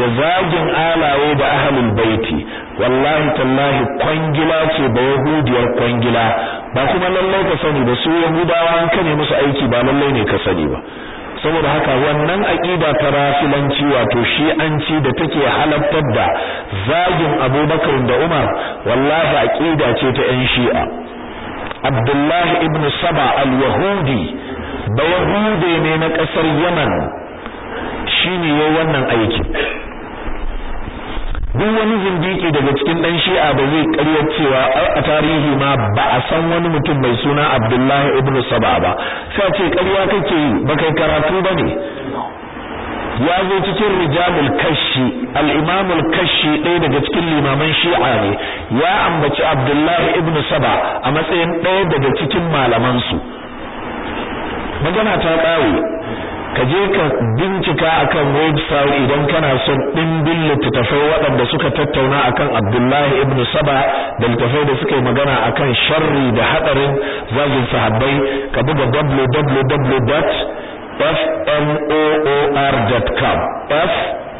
da zagin alaye da ahlul baiti wallahi tallahi kwangila ce ba yahudiyar kwangila ba kuma lallai ka sani ba su yahudawa an kane musu aiki ba lallai ne ka sani ba saboda haka wannan aqida ta rafilanci wato shi'anci da take halartar da zagin Abubakar da Umar wallahi aqida ce ta yan shi'a Abdullah ibn Saba al-Yahudi da Yahude ne na kasar Yaman shine yayin wannan aikin duk wani zindiki daga cikin dan shi'a ba zai karyar cewa a tarihi ma ba a san wani mutum mai suna Abdullahi ibn Saba ba sai ce karya kake yi ba kai karatu ba ne ya zo cikin rijalul kashi al imamul kashi ɗaya daga cikin limaman shi'a ne ya ambaci Abdullahi ibn Saba a matsayin ɗaya daga cikin malaman su magana ta ƙare ka je ka bincika akan website idan kana son ɗimbin littattafai waɗanda suka tattauna akan Abdullahi ibn Saba da littattafai da suka yi magana akan sharri da hadarin zagin sahabbai ka buga www.fmoor.com f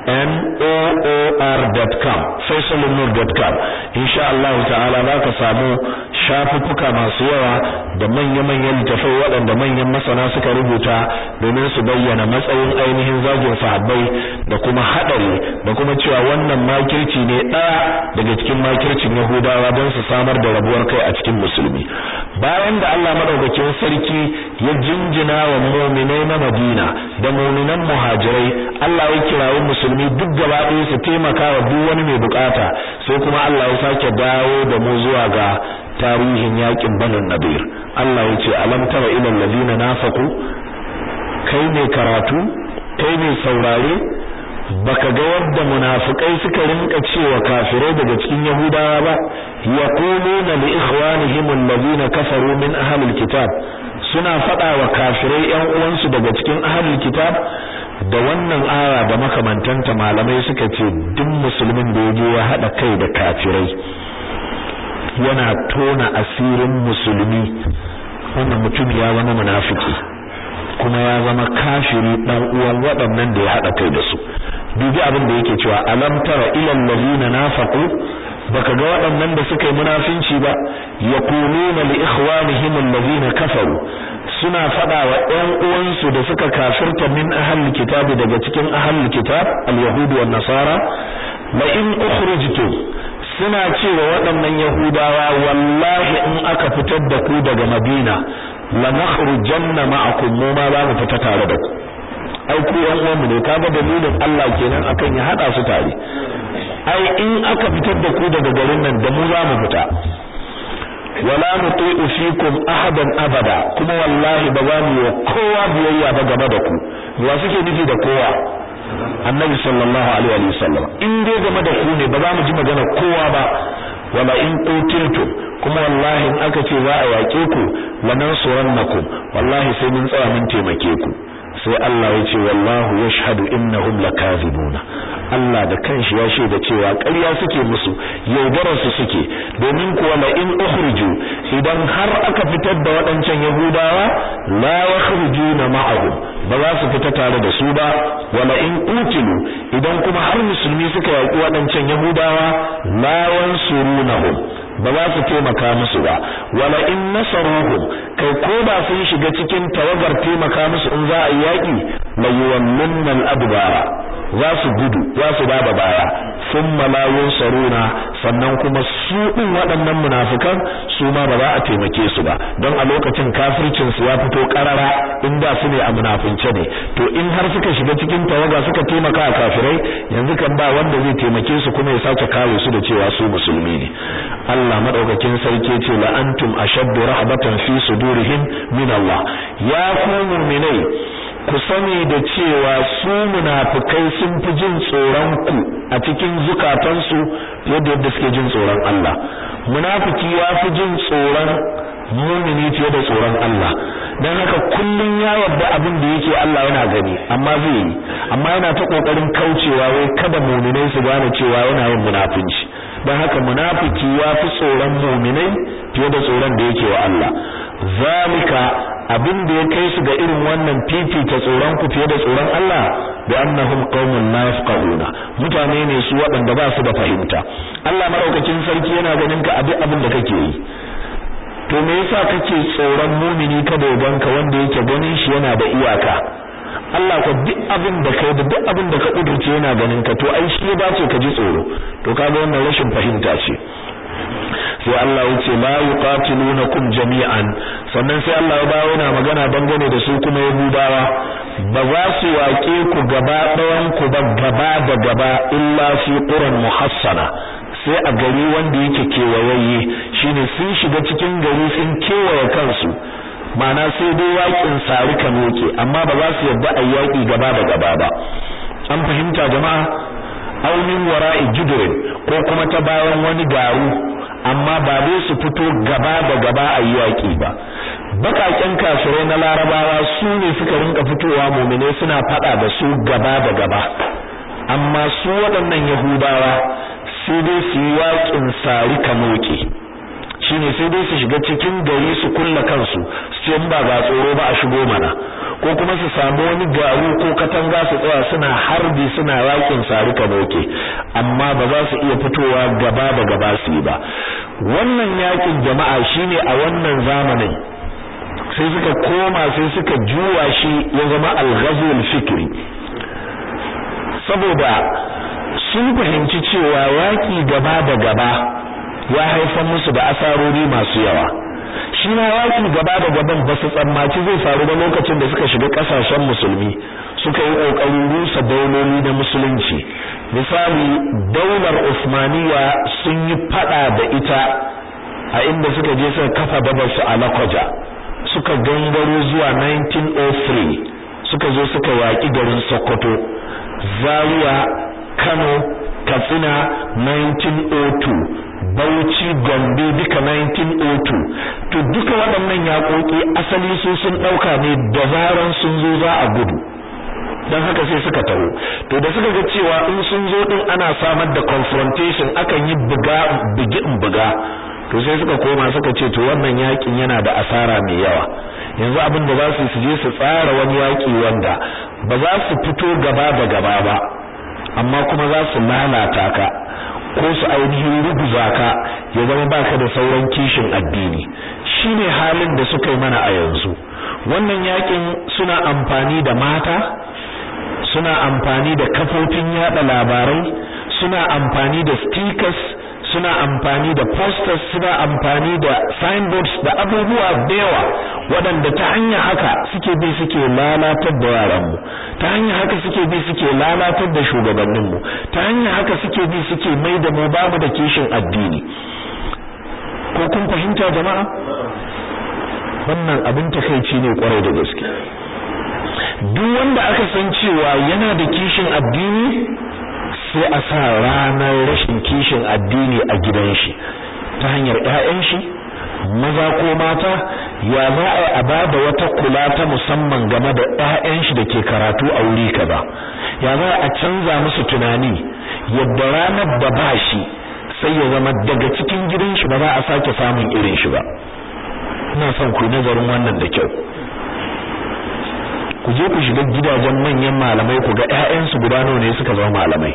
moor.com faisalunnoor.com insha Allah ta'ala za ka samu shafuka masu yawa da manya-manyan tafai waɗanda manyan masana suka rubuta domin su bayyana matsayin ainihin zagin sahabbai da kuma haɗari da kuma cewa wannan makirci ne ɗaya daga cikin makircin yahudawa don su samar da rabuwar kai a cikin musulmi bayan da Allah madaukakin sarki ya jinjina wa mu'minai na Madina da mu'minan muhajirai Allah ya kirawo musulmi musulmi duk gaba ɗaya su taimaka wa duk wani mai bukata sai kuma Allah ya sake dawo da mu zuwa ga tarihin yakin banin nadir Allah ya ce alam tara ila alladhina nafaqu kai ne karatu kai ne saurare baka ga yadda munafikai suka rinka cewa kafirai daga cikin yahudawa ba yaquluna li ikhwanihim alladhina kafaru min ahli alkitab suna faɗawa wa kafirai ‘yan uwansu daga cikin ahalin kitab da wannan aya da makamantanta malamai suka ce duk musulmin da yaje ya hada kai da kafirai yana tona asirin musulmi wannan mutum ya zama munafiki kuma ya zama kafiri dan uwan waɗannan da ya hada kai da su dubi abin da yake cewa alam tara ilal ladina nafaqu baka ga waɗannan da suka yi munafinci ba yaquluna li ikhwanihim alladhina kafaru suna faɗawa wa uwansu da suka kafirta min ahlul kitab daga cikin ahlul kitab al yahudi wa nasara la in ukhrijtum suna cewa waɗannan yahudawa wallahi in aka fitar da ku daga madina la nakhrujanna ma'akum mu ma za mu fita tare da ku ai yan uwanmu ne kaga dalilin Allah kenan akan ya hada su tare ai in aka fitar da ku daga garin nan da mu za mu fita wala nuti'u fikum ahadan abada kuma wallahi ba za mu kowa biyayya ba game da ku wa suke nufi da kowa annabi sallallahu alaihi wa sallam in dai game da ku ne ba za mu ji magana kowa ba wala in qutiltum kuma wallahi in aka ce za a yake ku lanan nakum wallahi sai mun tsaya mun taimake ku sai Allah ya ce wallahu yashhadu innahum lakazibuna Allah da kanshi ya shaida cewa ƙarya suke musu yaudarar su suke domin kuwa la in ukhriju idan har aka fitar da waɗancan yahudawa la yakhrujuna ma'ahum ba za su fita tare da su ba wala in qutilu idan kuma har musulmi suka yaƙi waɗancan yahudawa la yansurunahum ba za ku taimaka musu ba wala in nasaruhu kai ko ba sun shiga cikin tawagar taimaka musu in za a yi yaki la yuwallunna al za su gudu za su baba baya sun la saruna sannan kuma su ɗin waɗannan munafukan su ma ba za a taimake su ba don a lokacin kafircin su ya fito karara in da su ne a munafince ne to in har suka shiga cikin tawaga suka taimaka a kafirai yanzu kan ba wanda zai taimake su kuma ya sake kawo su da cewa su musulmi ne Allah madaukakin sarki ce la antum ashaddu rahbatan fi sudurihim min Allah ya ku mu'minai ku sani da cewa su munafikai sun fi jin tsoron ku a cikin zukatansu yadda yadda suke jin tsoron Allah munafiki ya fi jin tsoron mumini fiye da tsoron Allah dan haka kullun ya yarda abin da yake Allah yana gani amma zai amma yana ta kokarin kaucewa wai kada muminai su gane cewa yana yin munafinci don haka munafiki ya fi tsoron muminai fiye da tsoron da yake wa Allah zalika abin da ya kai su ga irin wannan fifita tsoron ku fiye da tsoron Allah bi annahum qaumun la mutane ne su waɗanda ba su da fahimta Allah madaukakin sarki yana ganin ka abin abin da kake yi to me yasa kake tsoron mumini kada ya ganka wanda yake ganin shi yana da iyaka Allah ka duk abin da kai da duk abin da ka kudurce yana ganin ka to ai shi ya ce ka ji tsoro to kaga wannan rashin fahimta ce sai Allah ya ce la yuqatilunakum jami'an sannan sai Allah ya bawo yana magana dangane da su kuma Yahudawa ba za su waƙe ku gaba ɗayan ku ba gaba da gaba illa fi qurun muhassana sai a gari wanda yake kewayayye shine sun shiga cikin gari sun kewaye kansu ma'ana sai dai yakin sari kan yake amma ba za su yadda a yaki gaba da gaba ba an fahimta jama'a aunin wara'i jidurin ko kuma ta bayan wani garu amma ba dai su fito gaba da gaba a yaki ba baƙaƙen kafirai na larabawa su ne suka rinka fitowa mumine suna fada da su gaba da gaba amma su waɗannan yahudawa sai dai su yi yakin sari kan yake shine sai dai su shiga cikin gari su kulla kansu su ce ba ga tsoro ba a shigo mana ko kuma su samu wani garu ko katanga su tsaya suna harbi suna yakin saruka boke amma ba za su iya fitowa gaba da gaba su yi ba wannan yakin jama'a shine a wannan zamanin sai suka koma sai suka juwa shi ya zama al-ghazwul fikri saboda sun fahimci cewa yaki gaba da gaba ya haifar musu da asarori masu yawa shi na yaki gaba da gaban basu tsammaci zai faru da lokacin da suka shiga kasashen musulmi suka yi ƙoƙarin rusa daunoni da musulunci misali daular Usmaniya sun yi fada da ita a inda suka je suka kafa babar su a Lakwaja suka gangaro zuwa 1903 suka zo suka yaki garin Sokoto Zaria Kano Katsina 1902 bauchi gombe duka 1902 to duka waɗannan yaƙoƙi asali su sun ɗauka ne da zaran sun zo za a gudu don haka sai suka taho to da suka ga cewa in sun zo din ana samar da confrontation akan yi buga bugi in buga to sai suka koma suka ce to wannan yakin yana da asara mai yawa yanzu abin da za su su je su tsara wani yaki wanda ba za su fito gaba da gaba ba amma kuma za su lalata ka ko su ainihin ruguza ka ya zama baka da sauran kishin addini shine halin da suka yi mana a yanzu wannan yakin suna amfani da mata suna amfani da kafofin yada labarai suna amfani da stickers suna amfani da posters suna amfani da signboards da abubuwa da yawa waɗanda ta hanyar haka suke bi suke lalatar da yaranmu ta hanyar haka suke bi suke lalatar da shugabanninmu ta hanyar haka suke bi suke mai da mu bamu da kishin addini ko kun fahimta jama'a wannan abin takeici ne kwarai da gaske duk wanda aka san cewa yana da kishin addini sai a sa ranar rashin kishin addini a gidan shi ta hanyar ƴaƴan shi maza ko mata ya za a bada wata kula ta musamman game da ƴaƴan shi da ke karatu a wuri kaza ya za a canza musu tunani yadda ranar da ba shi sai ya zama daga cikin gidan shi ba za a sake samun irin shi ba ina son ku nazarin wannan da kyau ku je ku shiga gidajen manyan malamai ku ga 'ya'yansu guda nawa ne suka zama malamai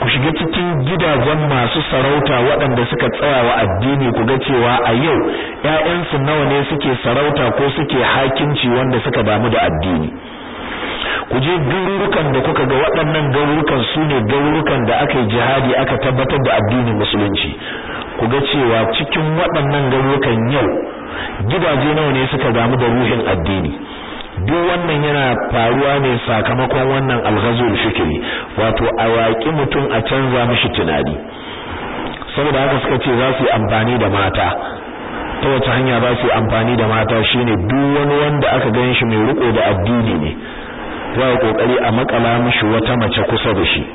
ku shiga cikin gidajen masu sarauta waɗanda suka tsaya wa addini ku ga cewa a yau ƴaƴansu nawa ne suke sarauta ko suke hakinci wanda suka damu da addini ku je garurukan da kuka ga waɗannan garurukan su ne garurukan da aka yi jihadi aka tabbatar da addinin musulunci ku ga cewa cikin waɗannan garurukan yau gidaje nawa ne suka damu da ruhin addini duk wannan yana faruwa ne sakamakon wannan alghazul fikri wato a waƙi mutum a canza mishi tunani saboda haka suka ce za su yi amfani da mata ta wata hanya za su yi amfani da mata shine duk wani wanda aka gan shi mai riko da addini ne za a kokari a makala mishi wata mace kusa da shi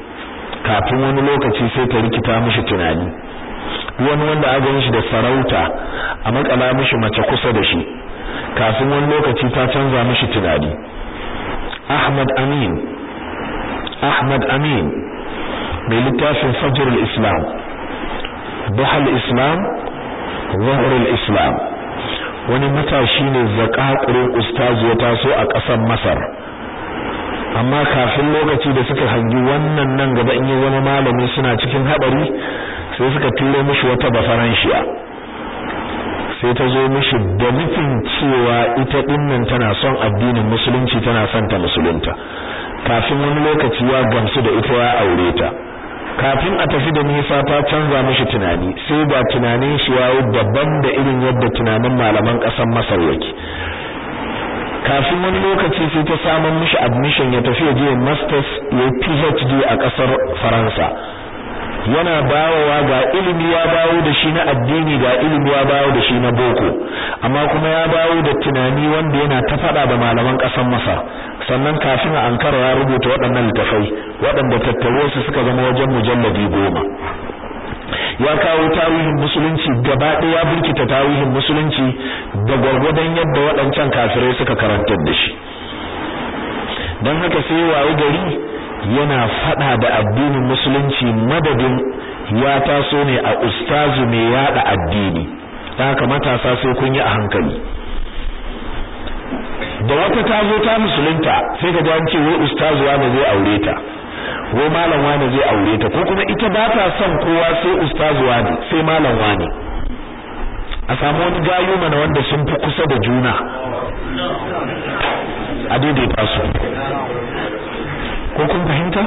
kafin wani lokaci sai ta rikita mishi tunani wani wanda aka gan shi da sarauta a makala mishi mace kusa da shi kafin wani lokaci ta canza mishi tunani Ahmad Amin Ahmad Amin mai littafin Fajr islam Buhar Islam Zuhr islam wani matashi ne zakakurin ustazu ya taso a ƙasar Masar amma kafin lokaci da suka hangi wannan nan gaba in yi zama malami suna cikin haɗari sai suka turo mishi wata bafaranshiya sai ta zo mishi da nufin cewa ita dinnan tana son addinin musulunci tana son ta musulunta kafin wani lokaci ya gamsu da ita ya aure ta kafin a tafi da nisa ta canza mishi tunani sai ba tunanin shi yi daban da irin yadda tunanin malaman ƙasar Masar yake kafin wani lokaci sai ta samun mishi admission ya tafi ya je masters ya PhD a ƙasar Faransa yana bawawa ga ilimi ya bawo da shi na addini ga ilimi ya bawo da shi na boko amma kuma ya bawo da tunani wanda yana ta fada da malaman kasan masa sannan kafin a ankara ya rubuta waɗannan littafai waɗanda tattaro su suka zama wajen mujalladi goma ya kawo tarihin musulunci gaba ɗaya ya burkita tarihin musulunci da gwargwadon yadda waɗancan kafirai suka karantar da shi don haka sai wayi gari yana fada da addinin musulunci madadin ya taso ne a ustazu mai yada addini ta haka matasa sai kun yi a hankali da wata ta zo ta musulunta sai ka ji ce wai ustazu wani zai aure ta wai malam wani zai aure ko kuma ita ba ta son kowa sai ustazu wani sai malam wani a samu wani gayu mana wanda sun fi kusa da juna a daidaita su ko kun fahimta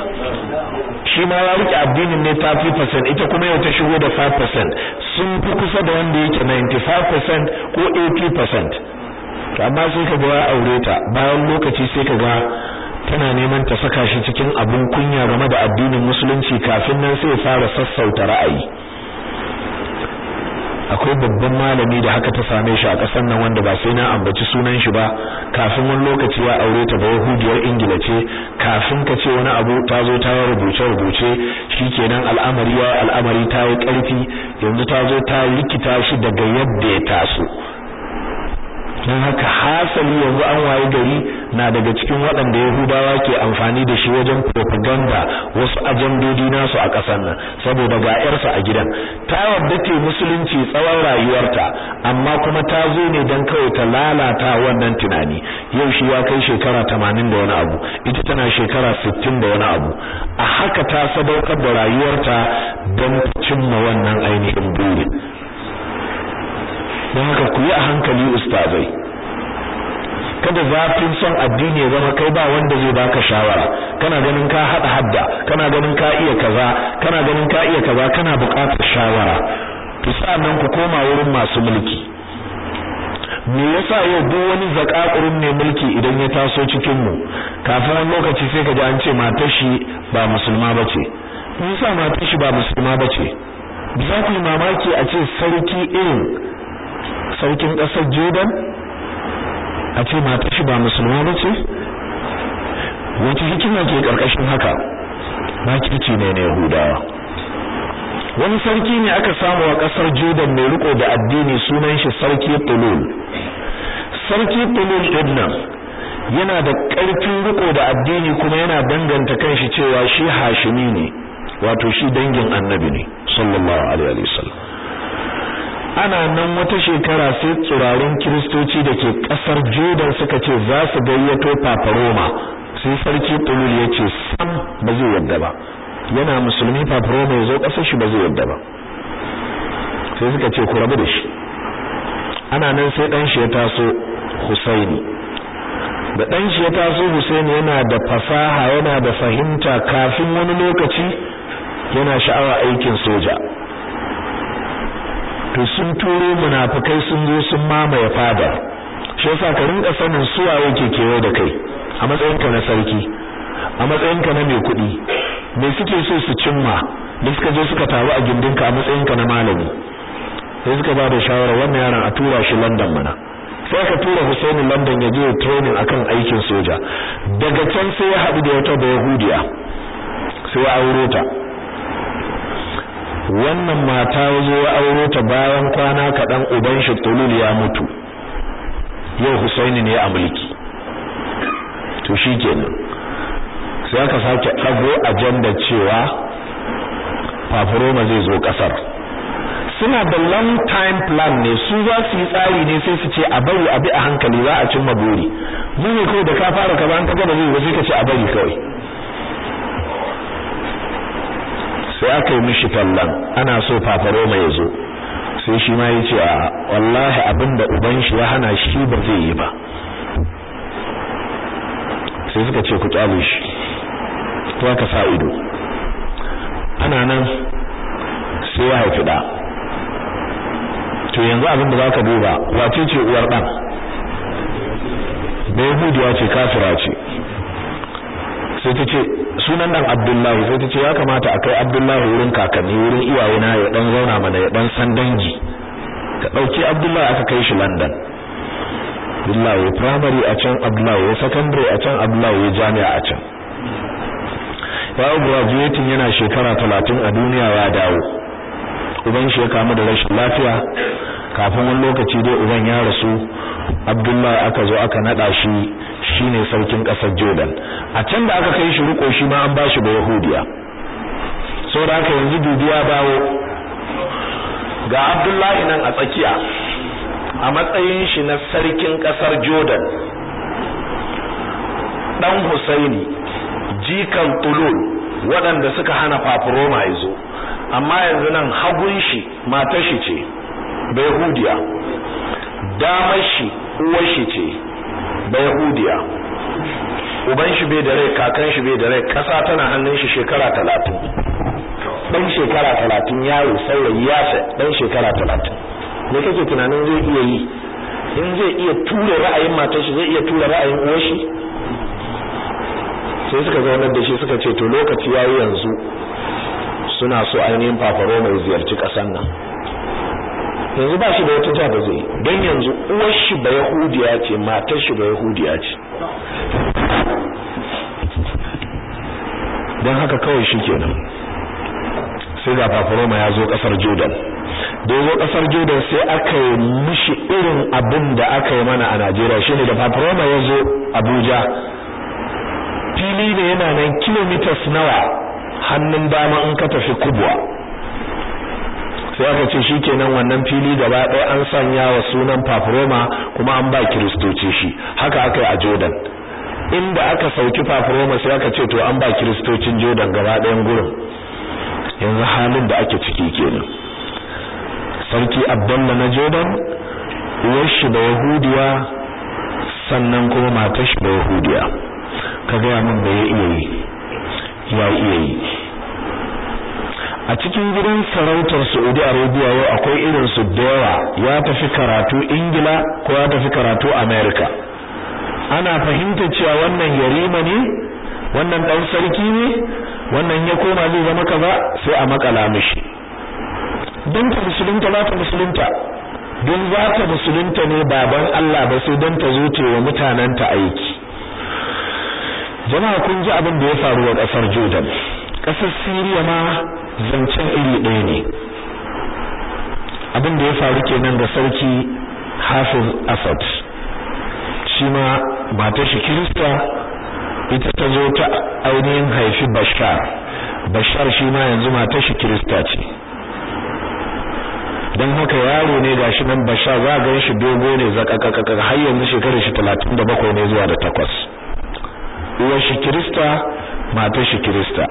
shi ma ya rike addinin ne ta 30% ita kuma yau ta shigo da 5% sun fi kusa da wanda yake 95% ko 80% amma sai ka ga ya aure ta bayan lokaci sai ka ga tana neman ta saka shi cikin abun kunya game da addinin musulunci kafin nan sai ya fara sassauta ra'ayi akwai babban malami da haka ta same shi a ƙasar nan wanda ba sai na ambaci sunan shi ba kafin wani lokaci ya aure ta ba yahudiyar ingila ce kafin ka ce wani abu ta zo ta rubuce rubuce shikenan al'amari ya al'amari ta yi ƙarfi yanzu ta zo ta likita shi daga yadda ya taso don haka hasali yanzu an waye gari na daga cikin waɗanda yahudawa ke amfani da shi wajen propaganda wasu ajandodi nasu a ƙasar nan saboda ga ƴarsa a gidan ta wadda ke musulunci tsawon rayuwarta amma kuma ta zo ne don kawai ta lalata wannan tunani yau shi ya kai shekara tamanin da wani abu ita tana shekara sittin da wani abu a haka ta sadaukar da rayuwarta don cimma wannan ainihin buri don haka ku yi a hankali ustazai kada zafin son addini ya zama kai ba wanda zai baka shawara kana ganin ka hada hadda kana ganin ka iya kaza kana ganin ka iya kaza kana buƙatar shawara to sannan ku koma wurin masu mulki me yasa yau duk wani zakakurin ne mulki idan ya taso cikin mu kafin wani lokaci sai ka ji an ce matar shi ba musulma bace me yasa matar shi ba musulma bace za ku yi mamaki a ce sarki irin sarkin ƙasar Jordan a ce matar shi ba musulma ba ce wace hikima ke karkashin haka makirci ne na yahudawa wani sarki ne aka samu a kasar jordan mai riko da addini sunan shi sarki tulul sarki tulul ibnan yana da ƙarfin riko da addini kuma yana danganta kanshi cewa shi hashimi ne wato shi dangin annabi ne sallallahu alaihi wasallam ana nan wata shekara sai tsurarin kiristoci da ke kasar jodan suka ce za su gayyato papa roma sai sarki tulul ya ce sam ba zai yadda ba yana musulmi papa roma ya zo kasar shi ba zai yadda ba sai suka ce ku rabu da shi ana nan sai dan shi ya taso husaini da dan shi ya taso husaini yana da fasaha yana da fahimta kafin wani lokaci yana sha'awa aikin soja to sun turo munafikai sun zo sun mamaye fada shi yasa ka rinka sanin suwa yake kewaye da kai a matsayinka na sarki a matsayinka na mai kuɗi me suke so su cimma da suka je suka taru a gindinka a matsayinka na malami sai suka ba da shawara wannan yaron a tura shi London mana sai ka tura Hussein London ya je training akan aikin soja daga can sai ya haɗu da wata bayahudiya sai ya aure ta wannan mata ya zo ya auro ta bayan kwana kaɗan uban shi tulul ya mutu yau husaini ne a mulki to shi kenan sai aka sake ɗago ajanda cewa fafuroma zai zo ƙasar suna da long time plan ne su za su yi tsari ne sai su ce a bari a bi a hankali za a cimma buri mu ne kawai da ka fara kaza an ka gaba zai ba sai ka ce a bari kawai sai aka yi mishi tallan ana so fafaroma ya zo sai shi ma ya ce a wallahi abinda uban shi ya hana shi ba zai yi ba sai suka ce ku kyale shi to aka sa ido ana nan sai ya haifi da to yanzu abinda za ka duba wace ce uwar ɗan bai hudiya ce kafira ce sai ta ce sunan dan abdullahi sai ta ce ya kamata a kai abdullahi wurin kakanni wurin iyaye na ya dan zauna mana ya dan san dangi ka dauki abdullahi aka kai shi london abdullahi primary a can abdullahi secondary a can abdullahi jami'a a can ya graduating yana shekara talatin a duniya ya dawo uban shi ya kamu da rashin lafiya kafin wani lokaci dai uban ya rasu abdullahi aka zo aka naɗa shi shine sarkin ƙasar Jordan a can da aka kai shi riko shi ma an ba shi ba Yahudiya saboda haka yanzu dubiya bawo ga Abdullahi nan a tsakiya a matsayin shi na sarkin ƙasar Jordan dan Husaini jikan Tulul waɗanda suka hana fafuroma ya zo amma yanzu nan hagun shi matar shi ce bai Yahudiya. damar shi uwar shi ce ba yahudiya uban shi bai da rai kakan shi bai da rai kasa tana hannun shi shekara talatin dan shekara talatin yaro saurayi ya sa dan shekara talatin me kake tunanin zai iya yi in zai iya tura ra'ayin matar shi zai iya tura ra'ayin uwar shi sai suka zaunar da shi suka ce to lokaci yayi yanzu suna so ainihin fafaro mai ziyarci kasan nan yanzu ba shi da wata jaba da zai don yanzu uwar shi ba yahudiya ce matar shi ba yahudiya ce don haka kawai shi kenan sai ga fafaroma ya zo kasar jordan da zo kasar jordan sai aka yi mishi irin abin da aka yi mana a najeriya shine da fafaroma ya zo abuja fili da yana nan kilomitas nawa hannun dama in ka tafi kubwa sai aka ce shi kenan wannan fili gaba ɗaya an sanya wa sunan fafroma kuma an ba kiristoci shi haka aka yi a jordan inda aka sauki fafroma sai aka ce to an ba kiristocin jordan gaba ɗayan gurin yanzu halin da ake ciki kenan sarki abdullah na jordan uwar shi da yahudiya sannan kuma matar shi da yahudiya ka gaya min da ya yi ya iya yi a cikin gidan sarautar Saudi Arabia yau akwai irin su dawa ya tafi karatu Ingila ko ya tafi karatu America ana fahimta cewa wannan yarima ne wannan dan sarki ne wannan ya koma zai zama kaza sai a makala mishi don ta musulunta ba ta musulunta don za ta musulunta ne baban Allah ba sai don ta zuce wa mutanen ta aiki jama'a kun ji abin da ya faru wa kasar Jordan kasar Siriya ma zancen iri ɗaya ne abin da ya faru kenan da sarki Hafiz Asad shi ma matar shi Kirista ita ta zo ta ainihin haifi Bashar Bashar shi ma yanzu matar shi Kirista ce don haka yaro ne ga shi nan Bashar za ga shi dogo ne zakakakaka har yanzu shekarar shi 37 ne zuwa da 8 uwar shi Kirista matar shi Kirista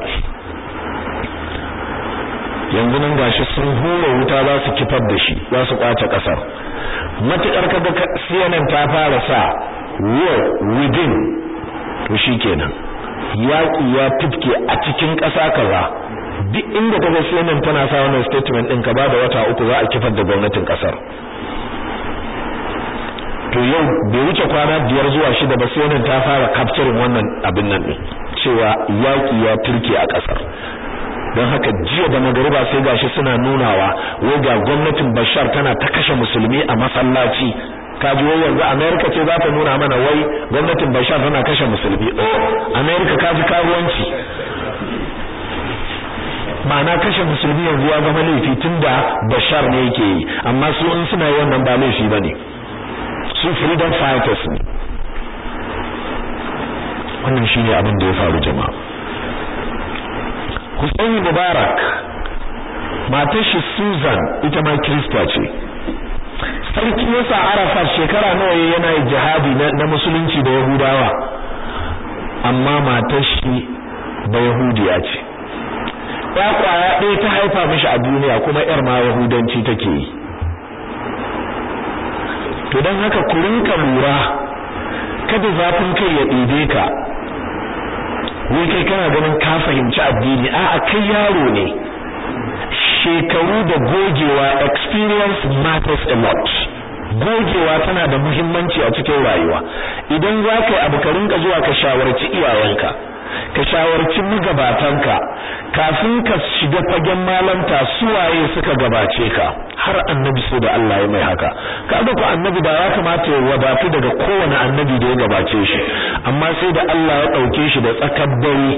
yanzu nan gashi sun hura wuta za su kifar da shi za su kwace kasar matukar kaga CNN ta fara sa war within to shikenan yaki ya tifke a cikin kasa kaza duk inda ga CNN tana sa wannan statement din ka ba da wata uku za a kifar da gwamnatin kasar to yau bai wuce kwana biyar zuwa shida ba CNN ta fara capturing wannan abin nan din cewa yaki ya turke a kasar don haka jiya da magariba sai gashi suna nunawa wai ga gwamnatin Bashar tana ta kashe musulmi a masallaci kaji wai yanzu America ce za ta nuna mana wai gwamnatin Bashar tana kashe musulmi oh America ji karuwanci ma'ana kashe musulmi yanzu ya zama laifi tunda Bashar ne yake yi amma su in suna yi wannan ba laifi ba ne su freedom fighters ne wannan shine abin da ya faru jama'a Hussein Mubarak matar shi Susan ita ma Kirista ce sarki yasa Arafat shekara nawa yana jihadi na musulunci da Yahudawa amma matar shi ba Yahudiya ce ya kwaya ɗaya ta haifa mishi a duniya kuma yar ma Yahudanci take yi to don haka ku rinka lura kada zafin kai ya ɗebe ka ne kai kana ganin ka fahimci addini a'a kai yaro ne shekaru da gogewa experience matters a lot gogewa tana da muhimmanci a cikin rayuwa idan za ka yi abu ka rinka zuwa ka shawarci iyayenka ka shawarci ka kafin ka shiga fagen malanta suwaye suka gabace ka har annabi so da Allah ya mai haka kaga ku annabi da ya kamata ya wadatu daga kowane annabi da ya gabace shi amma sai da Allah ya dauke shi da tsakar dare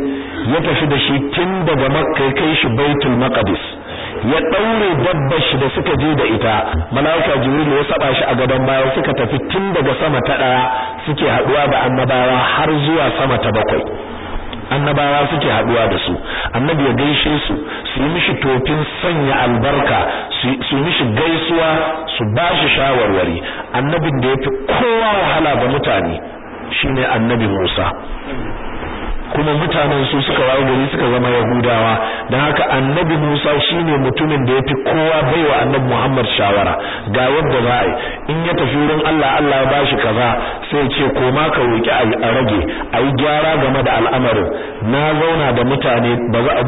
ya tafi da shi tun daga makka kai shi baitul maqdis ya daure dabbar shi da suka je da ita malaika jibril ya saba shi a gaban baya suka tafi tun daga sama ta daya suke haduwa da annabawa har zuwa sama ta bakwai annabawa suke haduwa da su annabi ya gaishe su su yi mishi tofin sanya albarka su yi mishi gaisuwa su bashi shawarwari annabin da ya fi kowa wahala ga mutane shine annabi Musa kuma mutanen su suka waye gari suka zama yahudawa dan haka annabi musa shine mutumin da ya fi kowa baiwa annabi muhammad shawara ga yadda za a yi in ya tafi wurin allah allah ya bashi kaza sai ce koma ka roki a rage a yi gyara game da al'amarin na zauna da mutane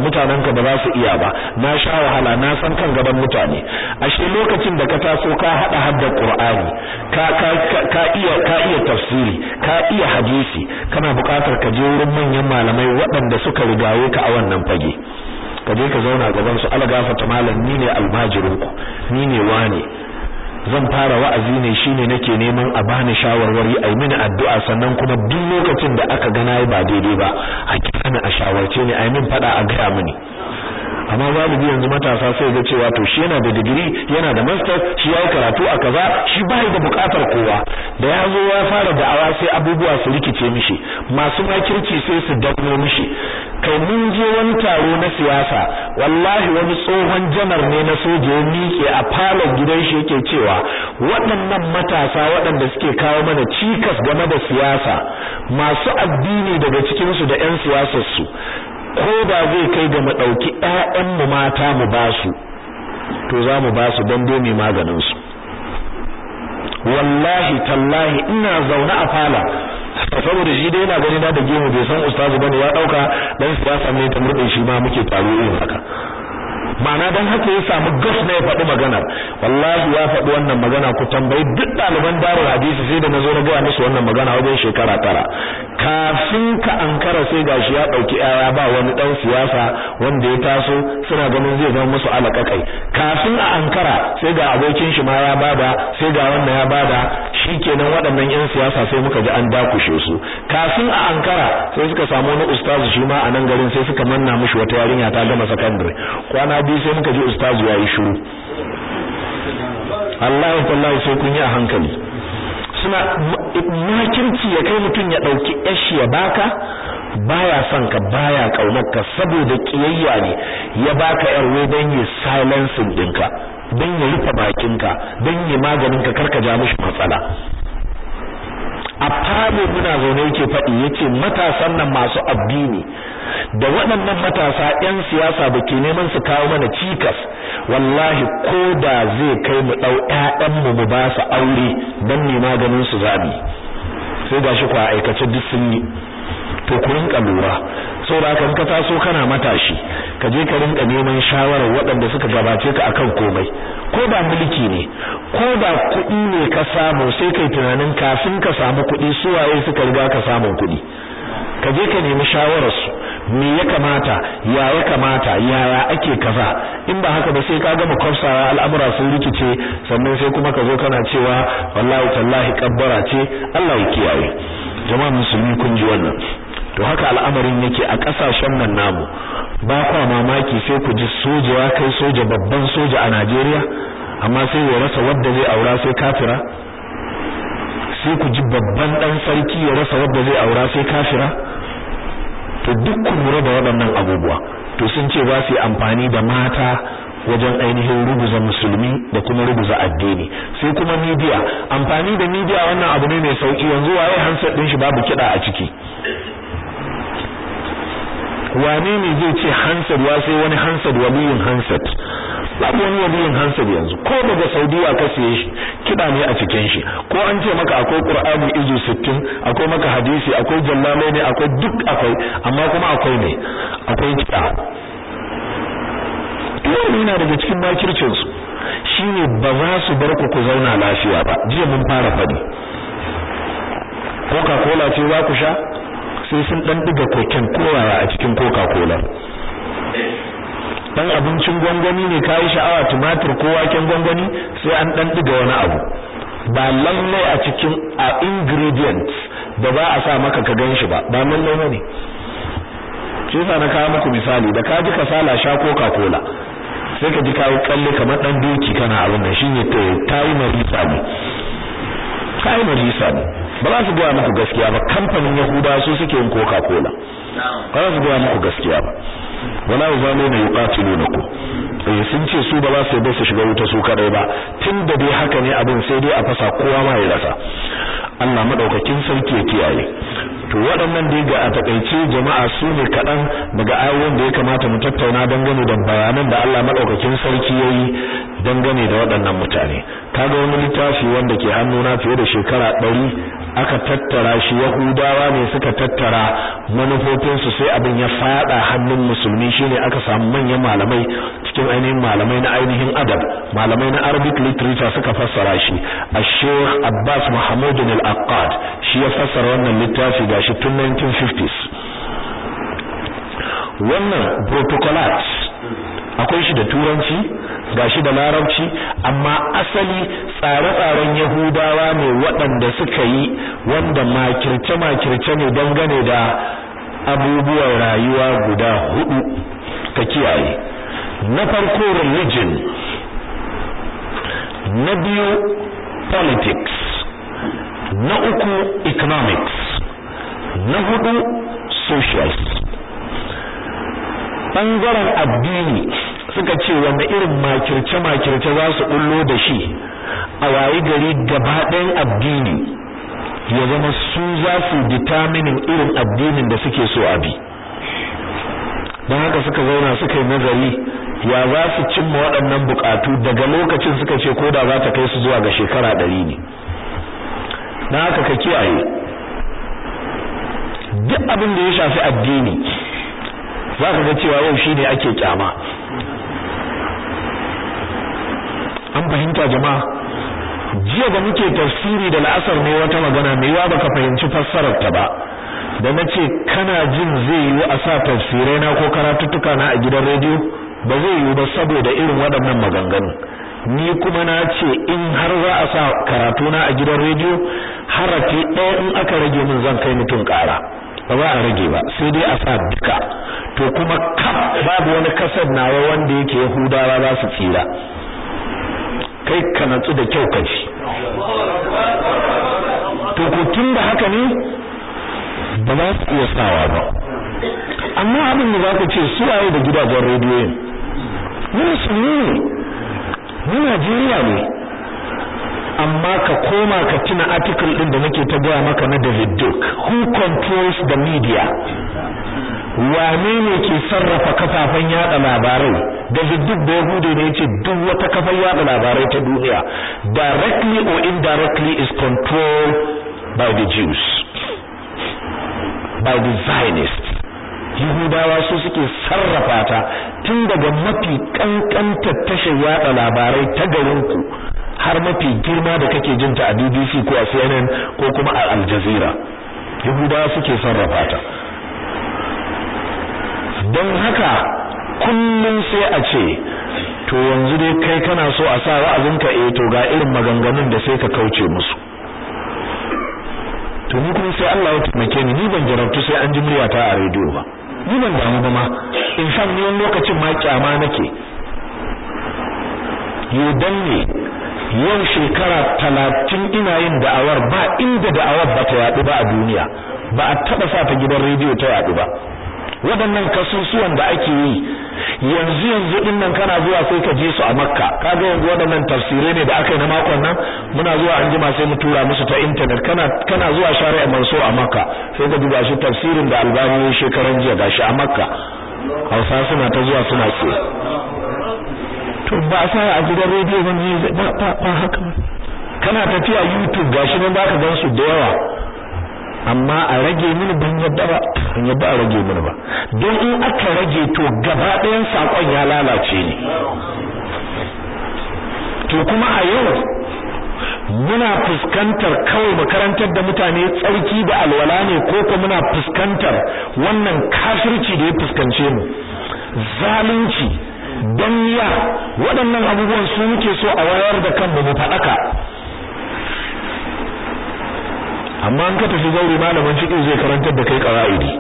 mutanen ka ba za su iya ba na sha wahala na san kan gaban mutane ashe lokacin da ka taso ka hada haddar qur'ani ka ka ka iya ka iya tafsiri ka iya hadisi kana buƙatar ka je wurin manyan malamai waɗanda suka rigaye ka a wannan fage ka je ka zauna gaban su algafata malam ni ne almajirin ku ni ne wane zan fara wa'azi ne shine nake neman a bani shawarwari ai mini addu'a sannan kuma duk lokacin da aka ga nayi ba daidai ba a kira ni a shawarce ni ai min faɗa a gaya mini amma galibi yanzu matasa sai ga cewa to shi yana da digiri yana da masters shi ya karatu a kaza shi bai da bukatar kowa da ya zo ya fara da'awa sai abubuwa su rikice mishi masu makirci sai su danno mishi kai mun je wani taro na siyasa wallahi wani tsohon janar ne na soja ya miƙe a falon gidan shi yake cewa waɗannan matasa waɗanda suke kawo mana cikas game da siyasa masu addini daga cikinsu da 'yan su ko ba zai kai ga mu ɗauki mu mata mu ba su to za mu ba su don dai mai maganin su wallahi tallahi ina zaune a fala saboda shi dai yana gani na da gemu bai san ustazu bane ya dauka dan siyasa ne ta murɗe shi ma muke taro irin haka ma'ana don haka ya samu gas na ya faɗi magana wallahi ya faɗi wannan magana ku tambayi duk ɗaliban darul hadisi sai da nazo na gaya musu wannan magana wajen shekara tara kafin ka ankara sai gashi ya ɗauki yaya ba wani ɗan siyasa wanda ya taso suna ganin zai zama musu alaƙaƙai kafin a ankara sai ga abokin shi ma ya bada sai ga wannan ya bada kenan waɗannan yan siyasa sai muka ji an dakushe su kafin a ankara sai suka samu wani ustazu shi ma a nan garin sai suka manna mishi wata yarinya ta gama sakandare kwana biyu sai muka ji ustazu yayi shiru Allah ya sai kun yi a hankali suna makirci ya kai mutum ya ɗauki yashi ya baka baya son ka baya kaunar ka saboda kiyayya ne ya baka yarwe don yi silencing ɗinka don ya rufe bakinka don ya maganinka karka ja mishi matsala a falo muna zaune yake faɗi yace matasan nan masu addini da waɗannan matasa 'yan siyasa da ke neman su kawo mana cikas wallahi ko da zai kai mu ɗau ƴaƴan mu ba su aure don ne maganin su zabi sai gashi kwa aikace duk sun to ku rinka lura saboda haka ka taso kana matashi ka je ka rinka neman shawarar waɗanda suka gabace ka akan komai ko ba mulki ne ko ba kuɗi ne ka samu sai kai tunanin kafin ka samu kuɗi su waye suka riga ka samu kuɗi ka je ka nemi shawarar su me ya kamata ya ya kamata yaya ake kaza in ba haka ba sai ka gama kwafsawa al'amura sun rikice sannan sai kuma ka zo kana cewa wallahi tallahi kabbara ce Allah ya kiyaye jama'a musulmi kun ji wannan to haka al'amarin yake a kasashen nan namu ba kwa mamaki sai ku ji soja ya kai soja babban soja a Najeriya amma sai ya rasa wanda zai aura sai kafira sai ku ji babban dan sarki ya rasa wanda zai aura sai kafira to duk ku lura da waɗannan abubuwa to sun ce ba su yi amfani da mata wajen ainihin ruguza musulmi da kuma rubuza addini sai kuma media amfani da media wannan abu ne mai sauki yanzu waye hansar din shi babu kida a ciki wane ne zai ce hansar ya sai wani hansar waliyin hansar babu wani waliyin hansar yanzu ko daga saudiya ka siye shi kida ne a cikin shi ko an ce maka akwai qur'ani izu 60 akwai maka hadisi akwai jallalai ne akwai duk akwai amma kuma akwai ne akwai kida wannan yana daga cikin makircinsu shi shine ba za su bar ku ku zauna lafiya ba jiya mun fara faɗi coca cola ce za ku sha sai sun dan diga koken kowaya a cikin coca cola dan abincin gwangwani ne ka yi sha'awa tumatir ko waken gwangwani sai an dan diga wani abu ba lallai a cikin a ingredients da ba a sa maka ka ganshi ba ba lallai ne shi sa na kawo muku misali da ka ji kasala sha coca cola sai ka ji kawo kalle kamar dan doki kana abin nan shine to kai marisa ne yi marisa ne ba za su gaya muku gaskiya ba kamfanin yahuda su suke yin coca cola ba za su gaya muku gaskiya ba wala yuzaluna yuqatilunakum eh sun ce su ba za su yarda su shiga wuta su kadai ba tun da dai haka ne abin sai dai a fasa kowa ma ya rasa Allah madaukakin sarki ya kiyaye to waɗannan dai ga a takaice jama'a su ne kaɗan daga ayoyin da ya kamata mu tattauna dangane da bayanan da Allah maɗaukakin sarki ya yi dangane da waɗannan mutane kaga wani littafi wanda ke hannuna fiye da shekara ɗari aka tattara shi yahudawa ne suka tattara manufofinsu sai abin ya faɗa hannun musulmi shine aka samu manyan malamai cikin ainihin malamai na ainihin adab malamai na arabic literature suka fassara shi a sheikh abbas Muhammadu al-aqad shi ya fassara wannan littafi ga bashi shi tun 1950s wannan protocolat akwai shi da turanci shi da larabci amma asali tsare-tsaren yahudawa ne waɗanda suka yi wanda makirce-makirce ne gane da abubuwan rayuwa guda hudu ka kiyaye na farko religion na biyu politics na uku economics na hudu socialist ɓangaren addini suka ce wanda irin makirce-makirce za su bullo da shi a wayi gari gabaɗayan addini ya zama su za su determinin irin addinin da suke so a bi don haka suka zauna suka yi nazari ya za su cimma waɗannan bukatu daga lokacin suka ce koda za ta kai su zuwa ga shekara ɗari ne na haka ka kiyaye duk abin da ya shafi addini za ka ga cewa yau shine ake kyama an fahimta jama'a jiya da muke tafsiri da la'asar ne wata magana mai yawa baka fahimci fassarar ta ba da nace kana jin zai yi a sa tafsirai na ko karatuttuka na a gidan rediyo ba zai yi ba saboda irin waɗannan maganganu ni kuma na ce in har za a sa karatuna a gidan rediyo harafi ɗaya in aka rage min zan kai mutum ƙara ba za a rage ba sai dai a sa duka to kuma kaf babu wani kasar nawa wanda yake yahudawa za su tsira kai ka natsu da kyau ka ji to ko tun da haka ne ba za su iya sawa ba amma abin da za ku ce su waye da gidajen rediyon mu musulmi ne mu Najeriya ne amma ka koma ka tuna article din da nake ta gaya maka na David Duke who controls the media wane ne ke sarrafa kafafen yada labarai David Duke da Yahudu ne yace duk wata kafar yada labarai ta duniya directly or indirectly is controlled by the Jews by the Zionists Yahudawa su suke sarrafa ta tun daga mafi kankanta tashar yada labarai ta garinku har mafi girma da kake jin ta a BBC ko a CNN ko kuma a Al Jazeera yahudawa suke sarrafa ta don haka kullum sai a ce to yanzu dai kai kana so a sa ka eh to ga irin maganganun da sai ka kauce musu to ni kuma sai Allah ya taimake ni ni ban jarabtu sai an ji ta a rediyo ba ni ban damu ba ma in fact ni lokacin ma kyama nake yo danne yau shekara talatin ina yin da'awar ba inda da'awar ba ta yaɗu ba a duniya ba a taɓa sa ta gidan rediyo ta yaɗu ba waɗannan kasusuwan da ake yi yanzu yanzu din nan kana zuwa sai ka je su a makka kaga yanzu waɗannan tafsirai ne da aka yi na makon nan muna zuwa an jima sai mu tura musu ta intanet kana kana zuwa shari'a manso a makka sai ka duba shi tafsirin da albani shekaran jiya gashi a makka hausa suna ta zuwa suna ce to ba sa a gidan rediyo ba ne ba haka kana tafiya youtube gashi nan zaka gan su da yawa amma a rage mini ban yadda ba ban yadda a rage mini ba don in aka rage to gaba ɗayan sakon ya lalace ne to kuma a yau muna fuskantar kawai makarantar da mutane tsarki da alwala ne ko kuma muna fuskantar wannan kafirci da ya fuskance mu zalunci don miya waɗannan abubuwan su muke so a wayar da kanmu mu faɗaka amma an ka tafi zauri malamin cikin zai karantar da kai qara'idi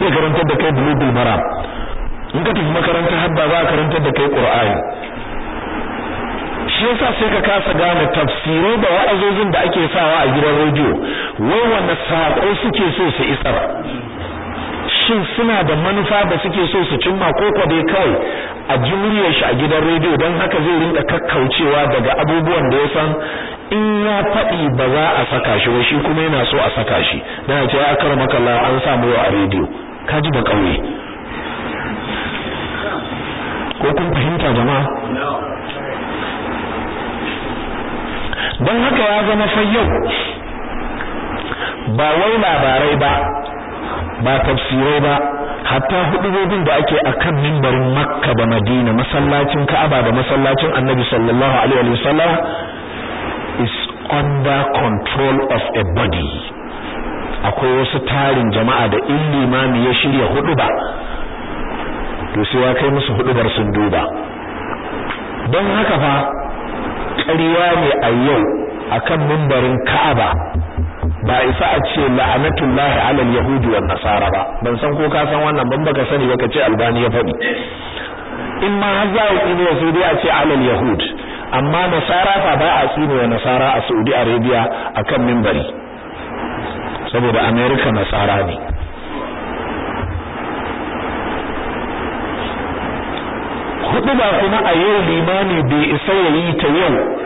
zai karantar da kai bulugul maram in ka tafi makarantar hadda za ka karantar da kai qur'ani shi yasa sai ka kasa gane tafsiri da wa'azozin da ake sawa a gidan rediyo wai wanda sako suke so su isar shin suna da manufa da suke so su cimma ko ko dai kawai a jumuriyar shi a gidan rediyo don haka zai rinka kakkaucewa daga abubuwan da ya san in ya faɗi ba za a saka shi ba shi kuma yana so a saka shi dan ya ce ya akara makalla an samu a rediyo ka ji ba kauye ko kun fahimta jama'a don haka ya zama sai yau ba wai labarai ba ba tafsirai ba hatta hudubobin da ake akan mimbarin makka ba madina masallacin ka'aba da masallacin annabi sallallahu alaihi sallam is under control of a body akwai wasu tarin jama'a da in limami ya shirya huduba to sai kai musu hudubar sun duba don haka fa ƙarya ne a yau akan mimbarin ka'aba ba isa a ce la'anatullahi alal yahudi wan nasara ba ban san ko ka san wannan ban baka sani ka ce albani ya faɗi in ma har za a yi su dai a ce alal yahud amma nasara fa ba a tsine wa nasara a saudi arabia akan mimbari saboda america nasara ne hudu ba kuma a yau limani bai isa yayi ta yau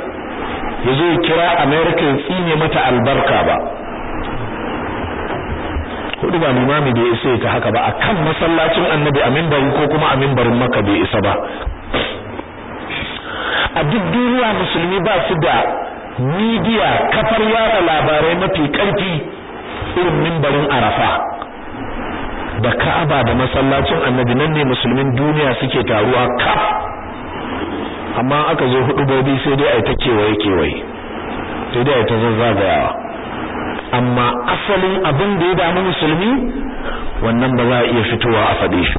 ya zo kira america ya tsine mata albarka ba hudu ba limami da ya isa ta haka ba a kan masallacin annabi a mimbarin ko kuma a mimbarin maka bai isa ba a duk duniya musulmi ba su da midiya kafar yada labarai mafi karfi irin mimbarin arafa da ka'aba da masallacin annabi nan ne musulmin duniya suke taruwa ka amma aka zo hudu gobi sai dai ai ta kewaye kewaye sai dai ta zazzagawa amma asalin abin da ya damu musulmi wannan ba za a iya fitowa a faɗe shi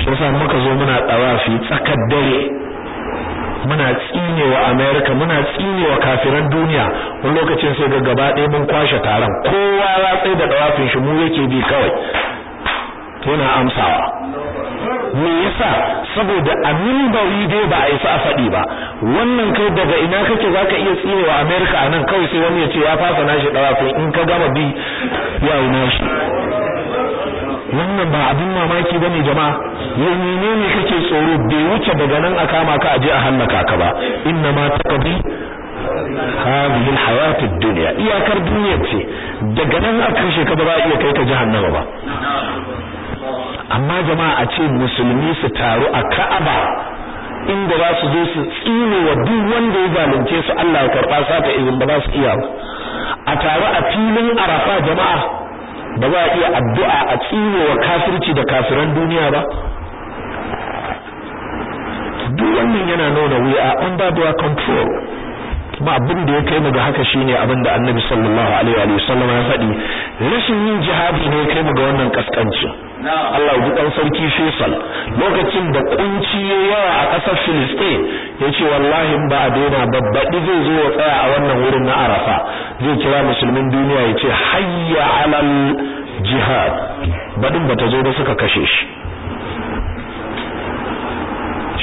shi yasa muka zo muna tsawafi tsakar dare muna tsinewa America muna tsinewa kafiran duniya wani lokacin sai ga gaba ɗaya mun kwashe taron kowa ya da tsawafin shi mu yake bi kawai yana amsawa me yasa saboda a mimbari dai ba a isa a faɗi ba wannan kai daga ina kake zaka iya wa America anan kawai sai wani ya ce ya fasa nashi dawafin in ka gama bi ya yi nashi wannan ba abin mamaki bane jama'a yau ne kake tsoro bai wuce daga nan a kama ka aje a hallaka ka ba inna ma taqdi hadhihi alhayat ad iyakar duniya ce daga nan a kashe ka ba iya kai ka jahannama ba amma jama'a a ce musulmi su taru a Ka'aba inda za su zo su tsine wa duk wanda ya zalunce su Allah ya karba sata izin ba za su iya a taru a filin Arafa jama'a ba za a iya addu'a a tsine wa kafirci da kafiran duniya ba duk wannan yana nuna we are under their control kuma abin da ya kai mu ga haka shine abin da Annabi sallallahu alaihi wa sallam ya faɗi rashin yin jihadi ne ya kai mu ga wannan kaskancin Allah ji dan sarki Faisal lokacin da kunci ya yawa a ƙasar Filistin yace wallahi ba a daina babbaɗi zai zo ya tsaya a wannan wurin na Arafa zai kira musulmin duniya yace hayya alal jihad badin ta zo da suka kashe shi